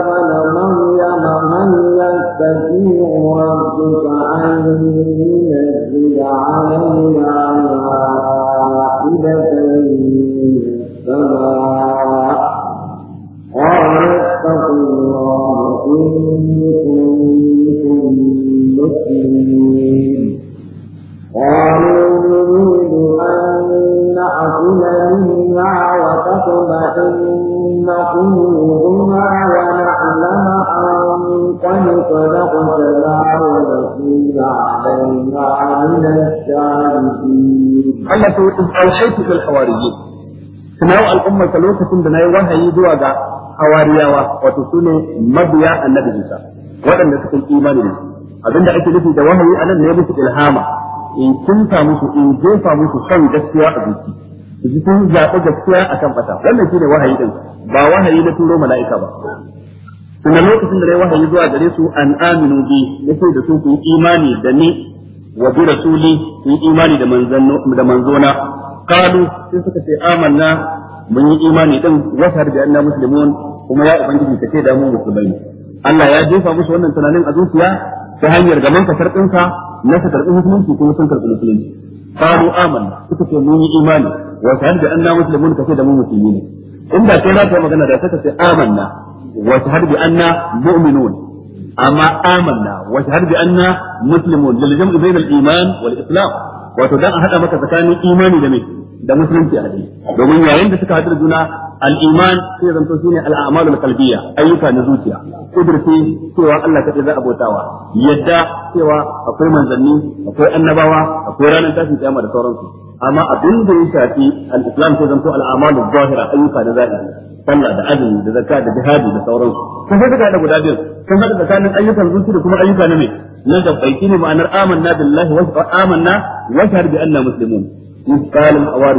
ابن مريم من يستطيع ربك أن ينزل علينا auki fil hawariyyi tunawa al'umma ta lokacin da nayi wahayi zuwa ga hawariyawa wato sune mabiya annabi Isa waɗanda suka yi imani da abinda ake nufi da wahayi anan ne musu ilhama in kinta musu in jefa musu san gaskiya a zuci su sun zaɓi gaskiya kan fata wannan shine wahayi din ba wahayi na turo mala'ika ba tunda lokacin da dai wahayi zuwa gare su an aminu bi yake da su ku imani da ni wa bi rasuli ku imani da manzona Kalu sai suka ce amanna mun yi imani din wa shahadu bi anna muslimun kuma ya ubangiji ka ce da mu musulmai Allah ya jefa musu wannan tunanin a zuciya ta hanyar gaban ka sarƙinka na ka karɓi musulunci kuma sun karɓi musulunci Kalu amanna suka ce mun yi imani wa shahadu bi anna muslimun ka da mu musulmi ne inda kai za ta magana da suka ce amanna wa shahadu anna mu'minun amma amanna wa shahadu anna muslimun lil jam'i bainal iman wal islam wato dan a hada maka tsakanin imani da mai da musulunci a hadisi domin yayin da suka hadu da juna al-iman sai zanto shine al-a'malul qalbiyya ayyuka na zuciya kudurce cewa Allah kadai za a bautawa yadda cewa akwai manzanni akwai annabawa akwai ranar tashin kiyama da sauransu amma abin da ya shafi al-islam ko zanto al-amalu zahira ayyuka da zahiri sallah da azumi da zakka da jihadi da sauransu kan sai guda biyu kan hada tsakanin ayyukan zuci da kuma ayyuka na me na gabbai shine ma'anar amanna billahi wa amanna wa shahar bi anna muslimun in qala al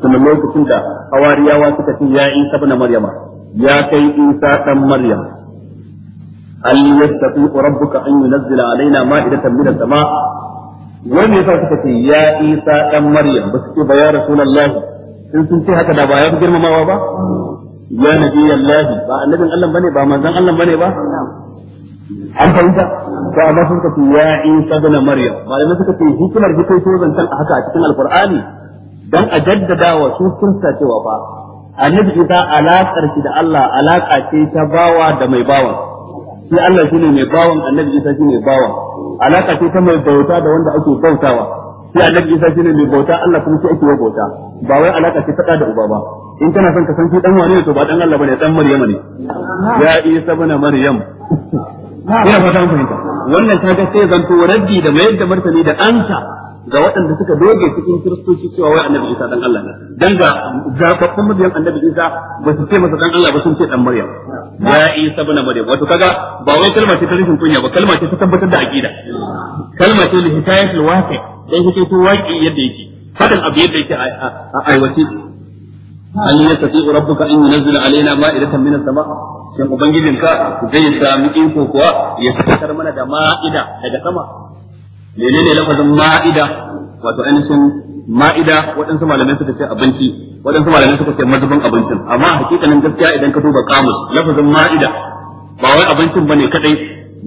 kuma lokacin da awariyawa suka ce ya isa ibn maryama ya kai isa dan maryam هل يستطيع ربك أن alaina علينا مائدة من sama wai me yasa suka ce ya isa dan maryam ba su ce ba ya rasulullahi in sun ce haka da ba ya fi girmamawa ba ya nabiyallahi ba annabin Allah bane ba manzon Allah bane ba an fahimta to amma sun ce ya isa dan maryam malamai suka ce hikimar hikai to zancan a haka a cikin alqur'ani dan a jaddadawa wa su sunsa cewa ba annabi isa alaƙar shi da Allah alaƙa ce ta bawa da mai bawan shi Allah shine mai bawan annabi Isa shine bawan alaka ce ta mai bauta da wanda ake bautawa shi annabi Isa shine mai bauta Allah kuma shi ake bauta ba wai alaka ce ta da uba ba in kana son ka san shi dan wane to ba dan Allah bane dan Maryam ne ya Isa bana Maryam ina fata an fahimta wannan ga sai zanto rabbi da mayar da martani da anta ga waɗanda suka doge cikin kiristoci cewa wai annabi Isa dan Allah ne dan ga zafaffun mabiyan annabi Isa ba su ce masa dan Allah ba sun ce dan Maryam ya Isa ibn Maryam wato kaga ba wai kalma ce ta rishin kunya ba kalma ce ta tabbatar da aqida kalma ce li hikayatul waqi dan yake to waqi yadda yake fadan abu yadda yake a aiwace hal yastati rabbuka in yunzila alaina ma'idatan minas sama' shin ubangijinka zai sami iko kuwa ya fitar mana da ma'ida daga sama menene lafazin ma'ida wato ainihin ma'ida waɗansu malamai suka ce abinci waɗansu malamai suka ce mazubin abincin amma a hakikanin gaskiya idan ka duba kamus lafazin ma'ida ba wai abincin bane kadai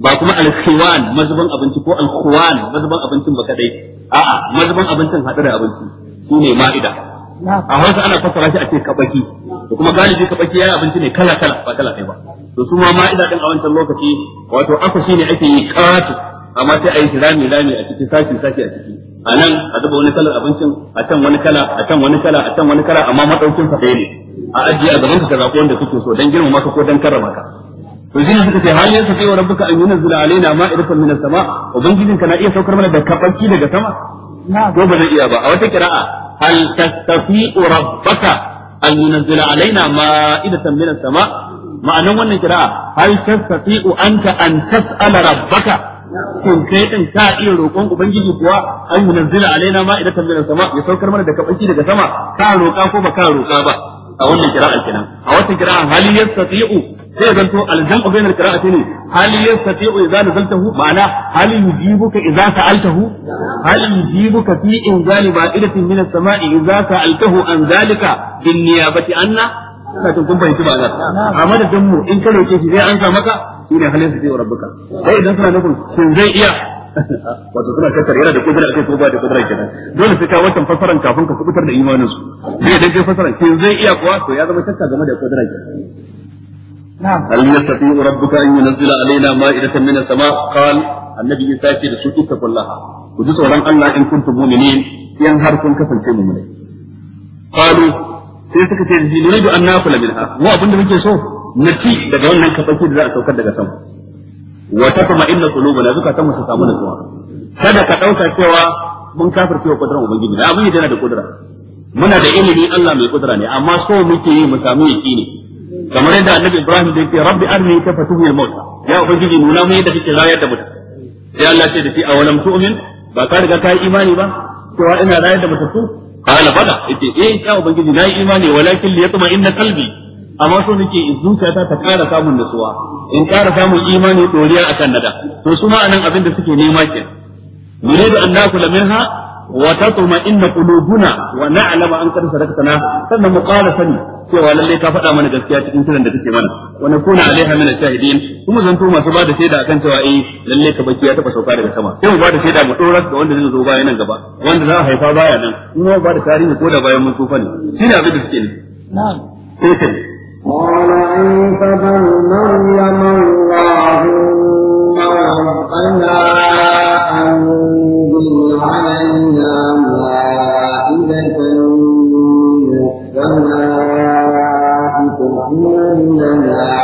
ba kuma al-khiwan mazubin abinci ko al-khwan mazubin abincin ba kadai a'a mazubin abincin hada da abinci shine ma'ida a hausa ana fassara shi a ce kabaki da kuma galibi kabaki yayi abinci ne kala kala ba kala kai ba to su ma ma'ida din a wancan lokaci wato aka shine ake yi katu amma sai a yi rami rami a ciki sashi sashi a ciki a nan a zuba wani kalar abincin a can wani kala a can wani kala a can wani kala amma madaukin sa ɗaya ne a ajiye a gaban ka zaɓi wanda kake so dan girma maka ko dan karrama ka to suka ce hal yansa sai rabbuka an yunzila alaina irfan minas sama ka na iya saukar mana da kabaki daga sama ko ba zai iya ba a wata kira'a hal tastafi'u rabbaka an yunzila alaina ma'idatan minas sama ma'anan wannan kira'a hal tastafi'u anta an tas'ala rabbaka shin kai din ka iya roƙon ubangiji kuwa an yunzila alaina ma idan tambayar sama ya saukar mana da kabanci daga sama ka roƙa ko ba ka roƙa ba a wannan kira'a kenan a wata kira'a hali yastati'u sai zanto aljam'u bainal qira'ati ne hali yastati'u idza nazaltahu ma'ana hali yujibuka idza sa'altahu hali yujibuka fi inzali ba'idatin min as-sama'i idza sa'altahu an zalika bin niyabati anna ina jin kun fahimci a madadin mu in ka roke shi zai an sa maka shine halin su sai rabbuka sai idan suna nufin shin zai iya <laughs> wato suna kakkar yana da kudura akai ko ba da kudura kenan dole sai ka wancan fasaran kafin ka kubutar da imanin su zai idan kai fasaran shin zai iya kuwa to ya zama shakka game da kudura kenan هل يستطيع ربك أن ينزل علينا مائدة من السماء قال النبي يساكي لسوء اتقوا الله وجزء الله إن كنتم مؤمنين in har kun kasance mu sai suka ce ni nuridu anna kula minha mu abinda muke so na ci daga wannan kafaki da za a saukar daga sama wa tatma inna qulubuna zakatan mu samu nutsuwa kada ka dauka cewa mun kafir cewa kudran ubangiji da abin yana da kudura muna da ilimi Allah mai kudura ne amma so muke yi mu samu yaqini kamar yadda annabi Ibrahim da yake rabbi arni kayfa al maut ya ubangiji nuna mu yadda kake rayar da mutum sai Allah ce da shi awalam tu'min ba ka riga ka yi imani ba cewa ina rayar da mutum qala bala yace eh ya ubangiji na yi imani walakin li yatma inna qalbi amma so nake zuciyata ta ƙara samun nutsuwa in ƙara samun imani doriya akan nada to su ma anan abin da suke nema ke mene da nakula minha Wata wa tatma'inna qulubuna wa na'lamu an qad sadaqtana sannan mu qala sani cewa lalle ka faɗa mana gaskiya cikin kiran da take mana wa nakuna alaiha min ash-shahidin kuma zanto masu bada shaida akan cewa eh lalle ka baki ya taba sauka daga sama sai mu bada shaida mu dora ga wanda zai zo baya nan gaba wanda za haifa baya nan kuma mu bada tarihi ko da bayan mun tsufa ne shine abin da suke ne na'am قال عيسى بن مريم اللهم ربنا إنها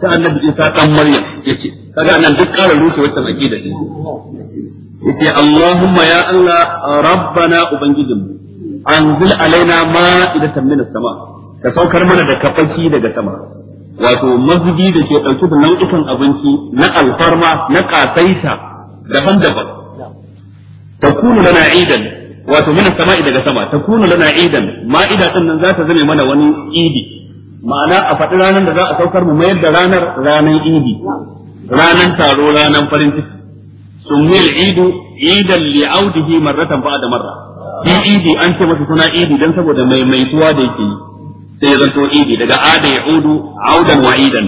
ta annabi Isa dan Maryam yace kaga nan duk ƙara rushe wata aqida din yace Allahumma ya Allah rabbana ubangijinmu anzil alaina ma'idatan min sama ka saukar mana da kafaki daga sama wato mazubi da ke ɗauke da nau'ikan abinci na alfarma na kasaita daban-daban takunu lana idan wato min sama'i daga sama takunu lana idan ma'ida din nan za zame mana wani idi ma'ana a faɗi ranar da za a saukar mu mayar da ranar ranar idi ranar taro ranar farin ciki sun al-idu idan li'audihi marratan ba da marra shi idi an ce masa suna idi dan saboda maimaituwa da yake sai ya zanto idi daga ada ya udu audan wa idan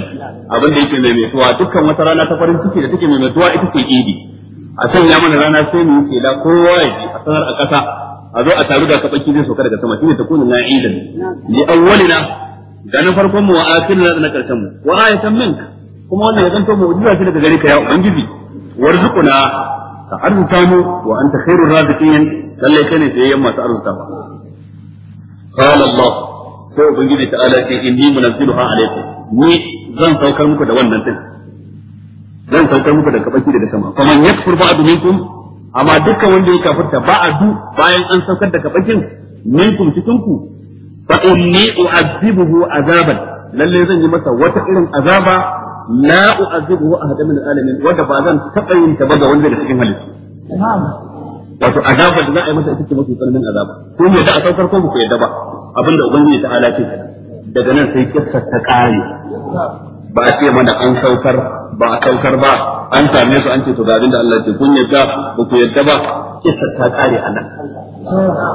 abin da yake maimaituwa dukkan wata rana ta farin ciki da take maimaituwa ita ce idi a sanya mana rana sai mu yi shaida kowa ya ji a sanar a ƙasa a zo a taru da kabaki zai sauka daga sama shine ta kunu na idan li awwalina ga na farkon mu wa akhirin na na karshen mu wa ayatan min kuma wannan ya zanto mu'jiza ce daga gare ka ya ubangiji warzuquna ka arzuta mu wa anta khairur raziqin lalle kai ne sayayyen masu arzuta ba qala Allah sai ubangiji ala ce inni munazziluha alaykum ni zan saukar muku da wannan din zan saukar muku da kabaki daga sama faman yakfur ba'du minkum amma dukkan wanda ya kafirta ba'du bayan an saukar da kabakin minkum cikin ku fa inni u'azzibuhu azaban lalle zan yi masa wata irin azaba la u'azzibuhu a min alamin wanda ba zan taba yin ta ba ga wanda da cikin halittu wato azaba da za a yi masa ita ce mafi tsananin azaba ko me da a saukar ko ku yadda ba abinda ubangiji ta ala ce daga nan sai kissa ta kare ba a ce mana an saukar ba a saukar ba an same su an ce to gabin da Allah ce kun yadda ba ku yadda ba kisa ta kare a nan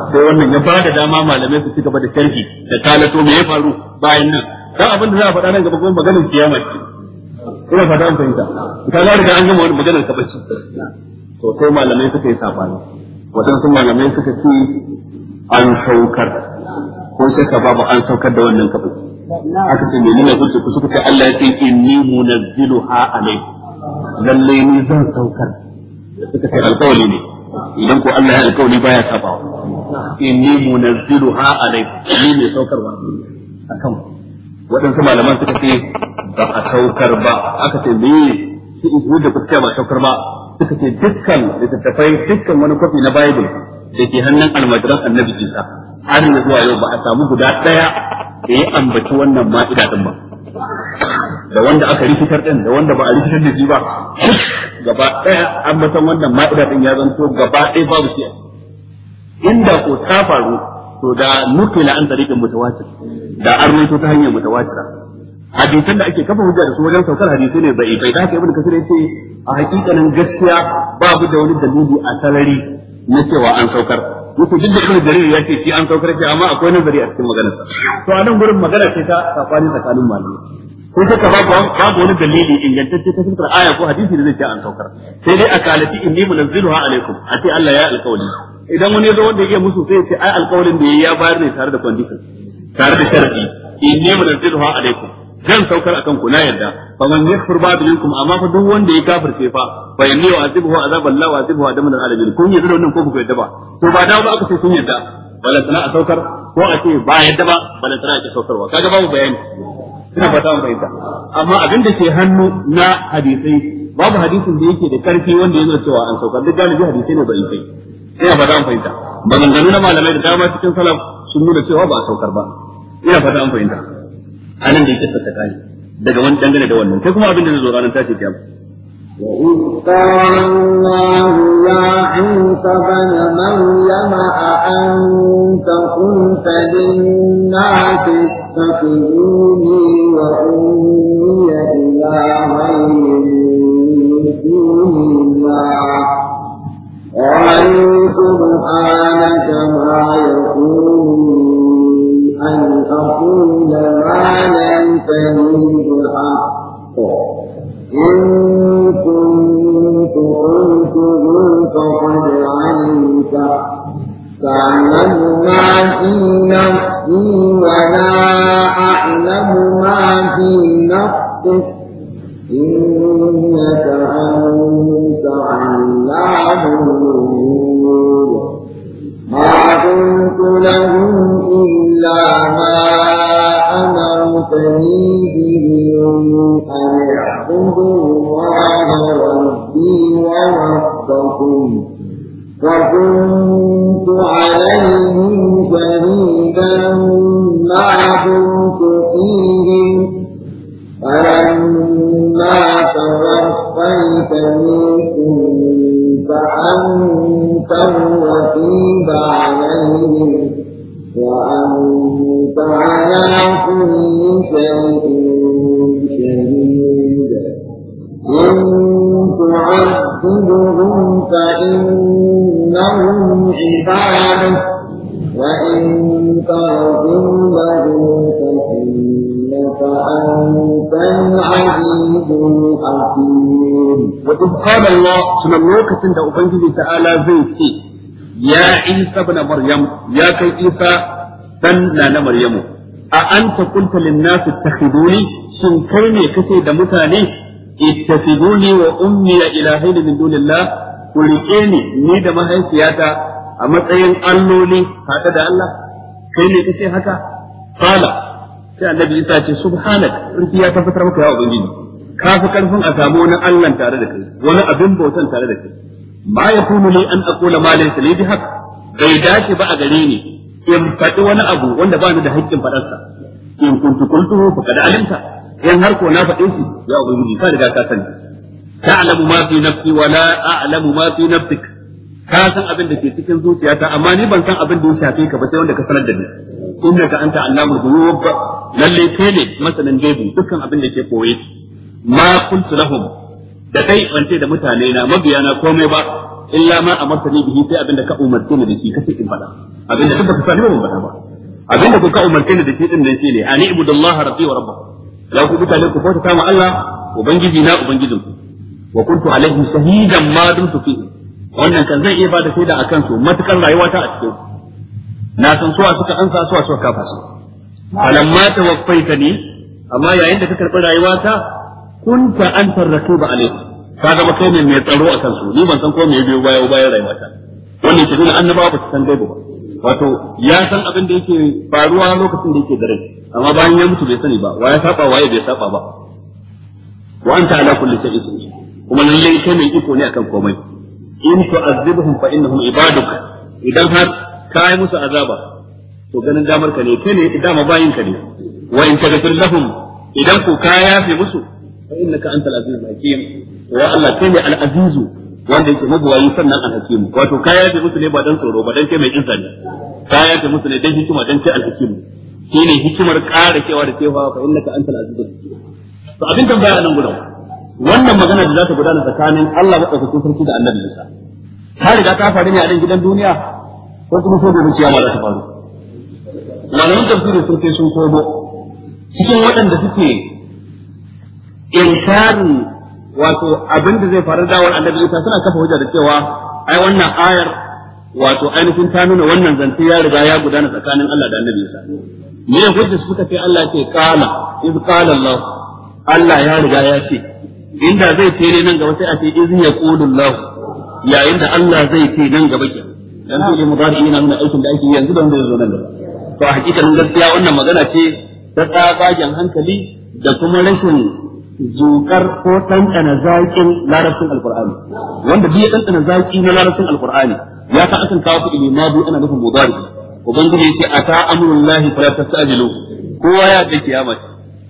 sai wannan ya bada dama malamai su ci gaba da sharhi da talato me ya faru bayan nan dan abin da za a faɗa nan gaba kuma maganar kiyama ce ina fata an fahimta ka ga riga an gama wani maganar ka bace to sai malamai suka yi sabani sun malamai suka ce an saukar ko ka babu an saukar da wannan kabaci aka ce mai nuna kusa kusa kusa Allah ya ce ha a alaykum lalle ni zan saukar suka ce alkawali ne idan ko Allah ya alƙawari baya sabawa inni munazziluha alaykum ni ne saukarwa akan waɗansu malaman suka ce ba a saukar ba aka ce me su in hujja da ce ba saukar ba suka ce dukkan littattafai dukkan wani kwafi na Bible da ke hannun almajiran annabi Isa har yanzu a yau ba a samu guda ɗaya da ya ambaci wannan ma'ida din ba da wanda aka rikitar din da wanda ba a rikitar da shi ba gaba daya ambatan wannan ma'ida din ya zanto gaba daya babu shi inda ko ta faru to da nukila an tariqin mutawatir da arwaito ta hanyar mutawatira hadisan da ake kafa hujja da su wajen saukar hadisi ne bai bai da haka ibnu kasir yace a hakikanin gaskiya babu da wani dalili a sarari na cewa an saukar yace duk da kuma dalilin ya ce shi an saukar shi amma akwai nazari a cikin maganar sa to a nan gurin magana ce ta safani tsakanin malamai ko saka babu babu wani dalili ingantacce ta cikin aya ko hadisi da zai ce an saukar sai dai akalati inni munazziluha alaikum a ce Allah ya alƙawari idan wani ya zo wanda ya musu sai ya ce ai alƙawarin da ya bayar ne tare da condition tare da sharadi inni munazziluha alaikum zan saukar akan ku na yadda fa man yakfur ba'du minkum amma fa duk wanda ya kafirce fa fa yanni wa azibuhu azaban la wa azibuhu adaman alamin kun yi zuwa nan ko ku yadda ba to ba dawo ba aka ce sun yadda bala sana a saukar ko a ce ba yadda ba bala sana a saukarwa kaga babu bayani ina fata mun bayyana amma abin da ke hannu na hadisai babu hadisin da yake da karfi wanda yana cewa an saukar duk galibi hadisai ne yi sai. ina fata mun fahimta maganganu na malamai da dama cikin salaf sun nuna cewa ba saukar ba ina fata mun bayyana anan da yake saka kai daga wani dangane da wannan sai kuma abin da zai zo ranar tashi kiyama وإذ قال الله يا عيسى بن مريم أأنت قلت للناس اتخذوني وأمي إلهين ابن مريم Ya kai Isa سنة na Maryamu. a anta kunta linnasi ittakhiduni shin kai ne kace da mutane ittakhiduni wa ummi ilahaini min dunillah ku rike ni ni da mahaifiyata a matsayin alloli haɗe da Allah kai ne kace haka qala sai annabi Isa ce subhanak rufi ya tabbatar maka ya ubangiji ka fi karfin a samu wani Allah tare da kai wani abin bautan tare da kai ma yakunu li an aqula ma laysa li bihaq bai dace ba a gare ni in faɗi wani abu wanda ba ni da haƙƙin faɗarsa in kuntu kuntu fa kada alimta in har ko na faɗe shi ya ubangiji ka riga ka sani ta'lamu ma fi nafsi wa la a'lamu ma fi nafsik ka san abin da ke cikin zuciyata amma ni ban san abin da ya shafe ka ba sai wanda ka sanar da ni innaka anta allamul ghuyub lalle kai ne masanin gaibi dukkan abin da ke koye ma kuntu lahum da kai ce da mutane na mabiya na komai ba illa ma martani bihi sai abinda ka umarce ni da shi kace in faɗa abinda duk baka sani ba ban ba abinda ko ka umarce ni da shi din nan shine ani ibudallaha rabbi wa rabba. la ku mutane ku bauta ma Allah ubangiji na ubangijin ku wa kuntu alaihi shahidan ma dumtu fi. wannan kan zai iya bada shaida akan su rayuwa rayuwata a cikin na san suwa suka ansa suwa suka kafa su falamma tawaffaitani amma yayin da ka karɓi rayuwata kunta antar rakiba alaihi kaga ba kai ne mai tsaro a kansu. ni ban san ko me biyo baya bayan rayuwata wannan shi ne annabawa ba su san gaibu ba wato ya san abin da yake faruwa lokacin da yake da rai amma bayan ya mutu bai sani ba wa ya saba waye bai saba ba wa anta ala kulli shay'in qadir kuma lalle kai mai iko ne akan komai in tu'azzibuhum fa innahum ibaduk idan har kai musu azaba to ganin damar ka ne kai ne dama bayin ka ne wa in tagfir lahum idan ku ka yafe musu fa innaka antal azizul hakim wa Allah kai ne al wanda yake mabuwayi sannan alhakimu. wato kaya da musu ne ba dan tsoro ba dan kai mai kinsa ne kaya da musu ne dan hikima dan kai alhakimu hakimu shine hikimar ƙara cewa da cewa fa innaka antal azizul hakim to abin tambaya nan gudan wannan magana da za ta gudana tsakanin Allah madaukakin sarki da Annabi Isa ta riga ta faru ne a nan gidan duniya ko kuma so gobe kiyama za ta faru malamin tafsiri sun kai sun komo cikin waɗanda suke irshadin wato abin da zai faru da wannan annabi Isa suna kafa hujja da cewa ai wannan ayar wato ainihin ta nuna wannan zance ya riga ya gudana tsakanin Allah da annabi Isa me hujja suka ce Allah ce kala iz qala Allah Allah ya riga ya ce inda zai tere nan gaba sai a ce iz yaqulu Allah yayin da Allah zai ce nan gaba ke yanzu ne mudari yana nuna aikin da ake yanzu don zai zo nan gaba to a hakikanin gaskiya wannan magana ce ta tsabagen hankali da kuma rashin zokar ko ɗanɗana zaƙin larabcin alƙur'ani wanda biya ɗanɗana zaƙi na larabcin alƙur'ani ya ka akan kawo kuɗi ma biyu ana nufin mubari ubangiji ya ce a ta amurin lahi fara ta sa'ajilu kowa ya ga kiyama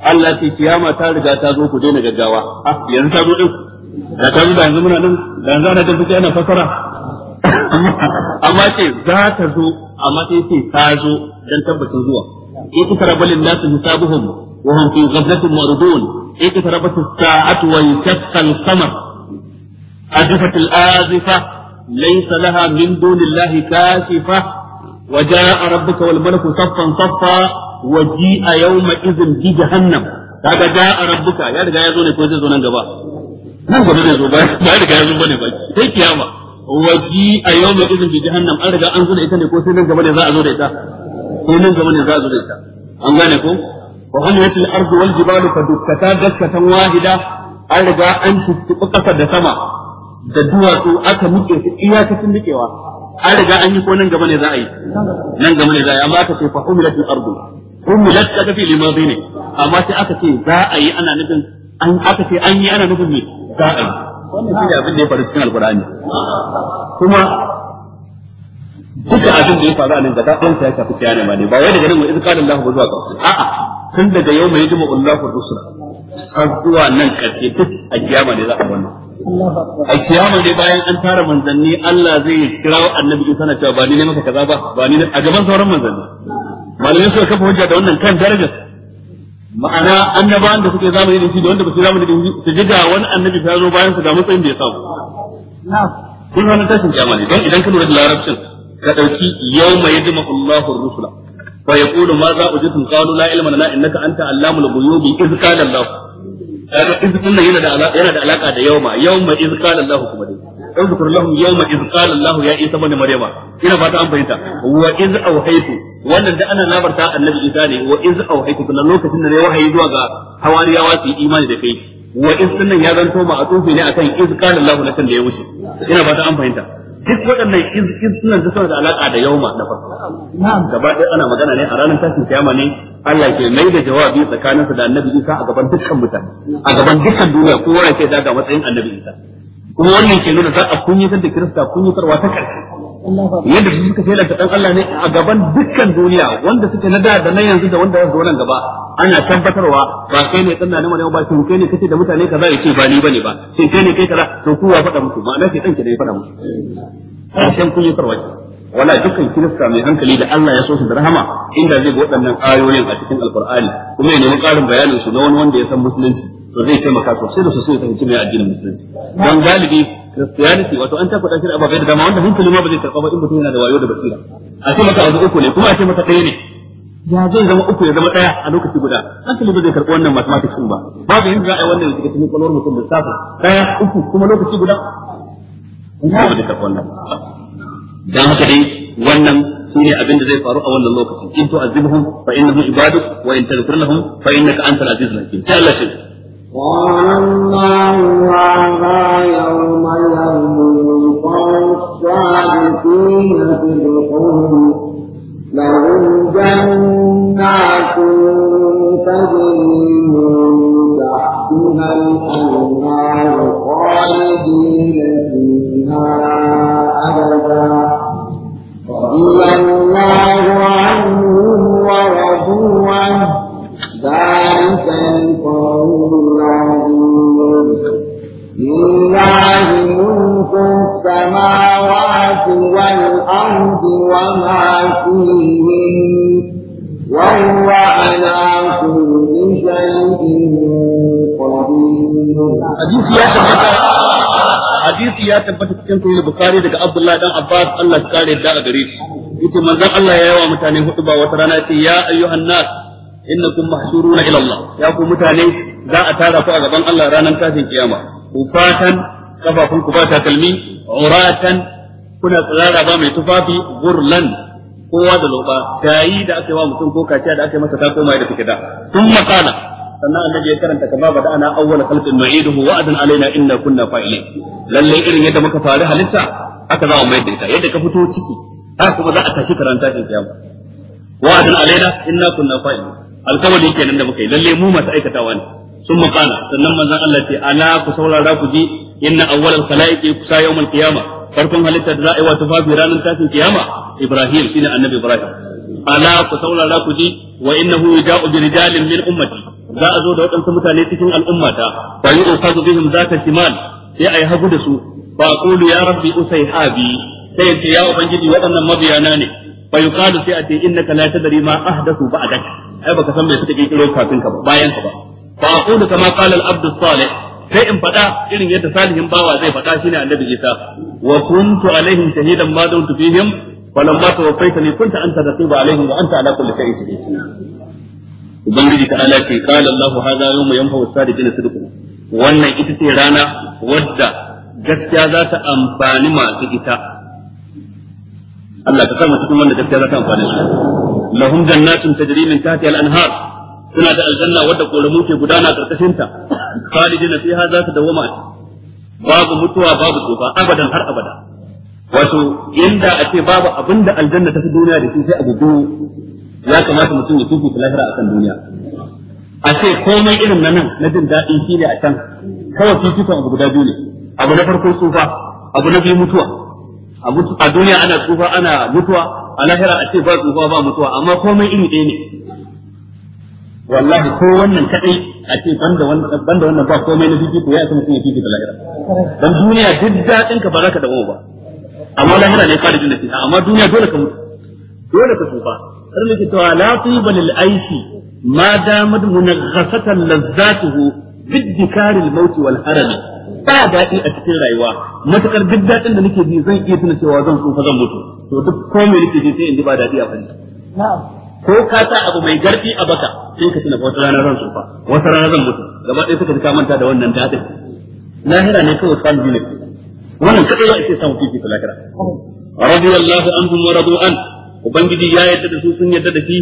Allah ce kiyama ta riga ta zo ku daina gaggawa ah yanzu ta zo din da ta zo da yanzu muna nan da yanzu ana ta fita ana fasara <laughs> amma ce za ta zo amma sai ce ta zo dan tabbacin zuwa in kuka rabalin nasu hisabuhum wa hum fi ghaflatin marudun اقتربت الساعة وانشق القمر أزفت الآزفة ليس لها من دون الله كاشفة وجاء ربك والملك صفا صفا وجيء يومئذ بجهنم هذا جاء ربك يا رجاء يزوني كوزي زونان جبا nan gaba zai zo ba ya riga ya zo bane ba sai kiyama waji a yau mai izin jahannam an riga an zo da ita ne ko sai nan gaba ne za a zo da ita nan gaba ne za a zo da ita an gane ko wa huliyat والجبال فدكتا wal jibal fadukkata dakkatan wahida an riga an tuttuɓi ƙasa da sama da duwatsu aka muke su iyakacin dukewa an riga an yi ko nan gaba ne za a yi nan gaba ne za a amma aka ce fa ne abin da ya faru cikin alqur'ani kuma duka abin da ya faru a nan gaba ɗansa ya shafi ma ne ba wai daga nan wa zuwa a'a tun daga yau mai jima ku rusul har zuwa nan karshe duk a kiyama ne za a wannan a kiyama ne bayan an tara manzanni Allah zai kira annabi Isa na cewa ba ni ne maka kaza ba ba ni a gaban sauran manzanni malamin suka kafa hujja da wannan kan darajar ma'ana annabawan da suke zamani da shi da wanda ba su zamani da shi su ji ga wani annabi ta zo bayan su ga matsayin da ya samu kun ranar tashin kiyama ne don idan ka lura da larabcin ka ɗauki yau mai jima Allahu rusula fa yaqulu ma za ujitum qalu la ilma lana innaka anta allamul ghuyubi iz qala Allah kaga iz din yana da yana da alaka da yawma yawma kuma dai اذكر لهم يوم اذ قال الله يا عيسى ابن مريم ina fata an fahimta wa iz auhaytu wannan da ana labarta annabi Isa ne wa iz auhaytu kullun lokacin da na wahayi zuwa ga hawariyawa su imani da kai wa iz sunan ya zanto ma a tsofi ne akan iz na ya wuce ina an fahimta duk waɗannan izinin da suna da alaƙa da ma na farko gaba ɗaya ana magana ne a ranar tashin kiyama ne Allah ke mai da jawabi tsakaninsa da annabi Isa a gaban dukkan mutane a gaban dukkan duniya kowa ya ce daga ga matsayin annabi Isa kuma wannan ke nuna za a kunyatar da Kirista kunyatarwa ta ƙarshe yadda su suka shelanta dan Allah ne a gaban dukkan duniya wanda suke na da da na yanzu da wanda zuwa nan gaba ana tabbatarwa ba kai ne tsanna ne mana ba shin kai ne kace da mutane kaza yace ba ni bane ba shin kai ne kai kaza to kowa faɗa musu ma'ana ce danki ki ya faɗa musu shan kun yi farwaci wala dukkan kirista mai hankali da Allah ya so su da rahama inda zai ga waɗannan ayoyin a cikin alkur'ani kuma ya nemi ƙarin bayanin su na wani wanda ya san musulunci to zai taimaka sosai da sosai ta cikin addinin musulunci don galibi christianity wato an takwada shi da ababai da dama wanda hankali ma ba zai karɓa ba in mutum yana da wayo da basira a ce mata abu uku ne kuma a ce masa ɗaya ne ya zai zama uku ya zama ɗaya a lokaci guda hankali ba zai karɓi wannan mathematics ba babu yadda za a yi wannan ya shiga cikin kwalwar mutum lissafi ɗaya uku kuma lokaci guda ina ba zai karɓi wannan dan haka dai wannan shine abin da zai faru a wannan lokaci in to tu'azibuhum fa innahum ibaduk wa in taghfir lahum fa innaka antal azizul hakim sai Allah shi قال الله هذا يوم يرمي الصادقين صدقهم لهم جنات تجري من تحتها الأنهار خالدين فيها أبدا رضي الله عنهم ورضوا ذلك السماوات والأرض وما فيهن وهو على كل شيء قدير hadisi ya tabbata cikin sahih bukhari daga abdullahi dan abbas Allah ya kare da gare shi yace manzon Allah ya yawa mutane hudu ba wata rana yace ya ayyuhan nas innakum mahshuruna ila Allah ya ku mutane za a tara ku a gaban Allah ranar tashin kiyama ku fatan kafafun ku ba takalmi uratan kuna tsirara ba mai tufafi gurlan kowa da loba tayi da aka yi wa mutum ko kaciya da aka yi masa ta koma da fike da sun makala sannan annabi ya karanta kama ba da ana awwal khalqin nu'iduhu wa'adan alaina inna kunna fa'ilin lalle irin yadda muka fari halitta aka za mu mai da ita yadda ka fito ciki haka kuma za a tashi karanta shi kiyama wa'adan alaina inna kunna fa'ilin alkawari kenan da muka yi lalle mu masu aikatawa ne sun makala sannan manzon Allah ce ala ku saurara ku ji inna awwalal khalaiqi yuqsa yawmal kiyama. farkon halittar da za a yi wa tufafi ranar kafin kiyama ibrahim shine annabi ibrahim ala ku saurara ku ji wa innahu yaja'u bi rijalin min ummati za a zo da waɗansu mutane cikin al'ummata fa yu'khadhu bihim zata shimal sai ai hagu da su fa Kulu ya rabbi usai habi sai ce ya ubangiji waɗannan mabiya na ne fa yuqalu sai a ce innaka la tadri ma ahdathu ba'dak ai baka san me suka kirkiro kafin ka ba bayan ka ba fa aqulu kama qala al-abd sai in faɗa irin yadda salihin bawa zai faɗa shine annabi Isa wa kuntu alaihim shahidan ma dawtu fihim falamma tawaffaytani kunta anta raqiba alaihim wa anta ala kulli shay'in shahid ubangiji ta ala ce qala Allahu hadha yawma yanfa'u as-sadiqina sidqu wannan ita ce rana wadda gaskiya za ta amfani masu ita Allah ka sa mu cikin wanda gaskiya za ta amfani su lahum jannatun tajri min tahtiha al-anhar suna da aljanna wadda koramu ke gudana karkashin ta khalidina fiha za ta dawama babu mutuwa babu tsufa abadan har abada wato inda a ce babu abinda aljanna ta fi duniya da shi sai abu biyu ya kamata mutum ya tuki lahira akan duniya a ce komai irin na nan na jin daɗin shi ne a can kawai fifikon abu guda biyu ne abu na farko tsufa abu na biyu mutuwa a duniya ana tsufa ana mutuwa a lahira a ce ba tsufa ba mutuwa amma komai iri ɗaya ne wallahi ko wannan kadai a ce banda wannan banda wannan ba komai na fifiko ya san mutum ya fifiko lahira dan duniya duk dadin ka ba za ka dawo ba amma lahira ne fara jinda amma duniya dole ka mutu dole ka tsufa har ne cewa la tiba lil aishi ma damad munaghasatan lazzatuhu biddikar al maut wal haram ba dadi a cikin rayuwa matakar duk dadin da nake ji zan iya tuna cewa zan tsufa zan mutu to duk komai nake ji sai in ji ba dadi a fanni na'am ko ka sa abu mai garfi a baka sai ka tuna wata ranar zan tsufa wata ranar zan mutu gaba ɗaya suka ji ka manta da wannan dadin lahira ne kawai kalbi ne wannan kadai za a ce samu fifi lahira radiyallahu anhum wa radu an ubangiji ya yadda da su sun yadda da shi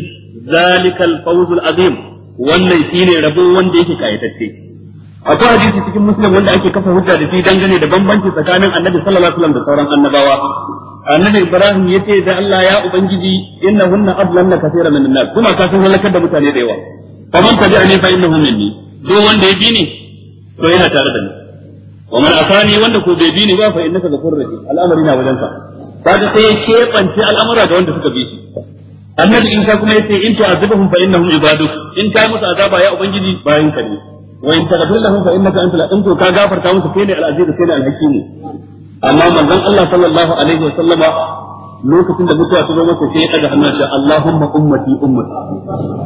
zalikal fawzul azim wannan shine rabo wanda yake kayatacce akwai hadisi cikin muslim wanda ake kafa hujja da shi dangane da bambanci tsakanin annabi sallallahu alaihi wasallam da sauran annabawa annabi ibrahim yace da Allah ya ubangiji innahunna adlanna kaseera min an-nas kuma ka san halakar da mutane da yawa ta ji fa innahu minni duk wanda ya bi ni to yana tare da ni wa man asani wanda ko bai bi ni ba fa innaka ghafurur rahim al'amari na wajenka kaga sai ya kebance al'amura ga wanda suka bi shi annabi in ka kuma yace in tu'azibuhum fa innahum ibaduk in ta musu azaba ya ubangiji bayan ka ne wa in taghfir lahum fa innaka antal in to ka gafarta musu kai ne al-aziz kai ne al-hakim Allah sallallahu alaihi wa sallama lokacin da mutuwa ta zo masa sai ya daga hannun shi Allahumma ummati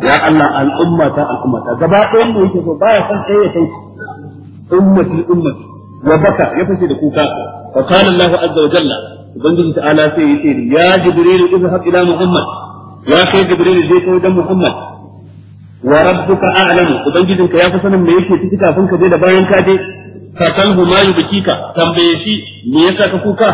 ya Allah al-ummata al-ummata gaba ɗayan mu yake so baya san sai ya kai ummati ummati wa baka ya fashe da kuka fa qala Allah azza wa jalla ya ce ya jibril muhammad ya kai jibril je kai muhammad wa rabbuka a'lamu ubangijinka ya fi sanin me yake ciki kafin ka je da bayan ka je ka kalhu ma yubkika tambaye shi me yasa ka kuka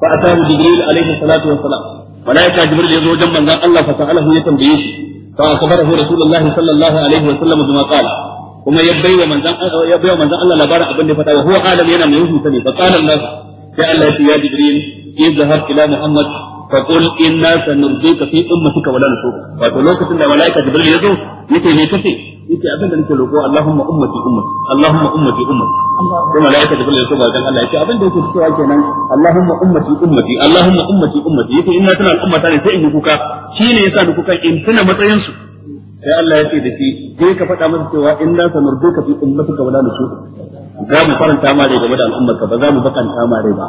fa atahu jibril alaihi salatu wassalam malaika jibril yazo wajen manzon Allah fa sa'alahu ya tambaye shi fa akhbarahu rasulullahi sallallahu alaihi sallam, bima qala kuma ya baiwa manzon ya baiwa manzon Allah labarin abin da ya faɗa wa huwa alam yana mai hutu ne fa qala Allah ya Allah ya ce ya jibril izhar ila muhammad fa qul inna sanurdika fi ummatika wala nusuk wato lokacin da malaika jibril ya zo yace me kace yace abin da nake roƙo Allahumma ummati ummati Allahumma ummati ummati sai malaika jibril ya so ba dan Allah yace abin da yake cewa kenan Allahumma ummati ummati Allahumma ummati ummati yace inna tana al'ummata ne sai in kuka shine yasa ni kuka in su sai Allah ya ce da shi sai ka faɗa masa cewa inna sanurdika fi ummatika wala nusuk za mu faranta ma game da al'ummarka ba za mu bakanta ma ba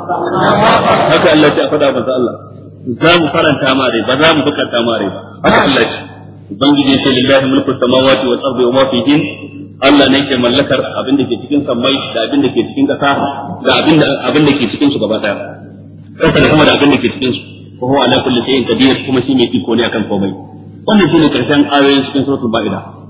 haka Allah ya faɗa masa Allah za mu faranta ma rai ba za mu bukata ma rai ba haka Allah ce ubangiji ce lillahi mulku samawati wal ardi wa ma fihin Allah ne ke mallakar abin da ke cikin sammai da abin da ke cikin ƙasa da abin da abin da ke cikin su gaba daya ƙasa da kuma da abin da ke cikin su ko huwa ala kulli shay'in qadir kuma shi ne iko ne akan komai wannan shine karshen ayoyin cikin suratul ba'ida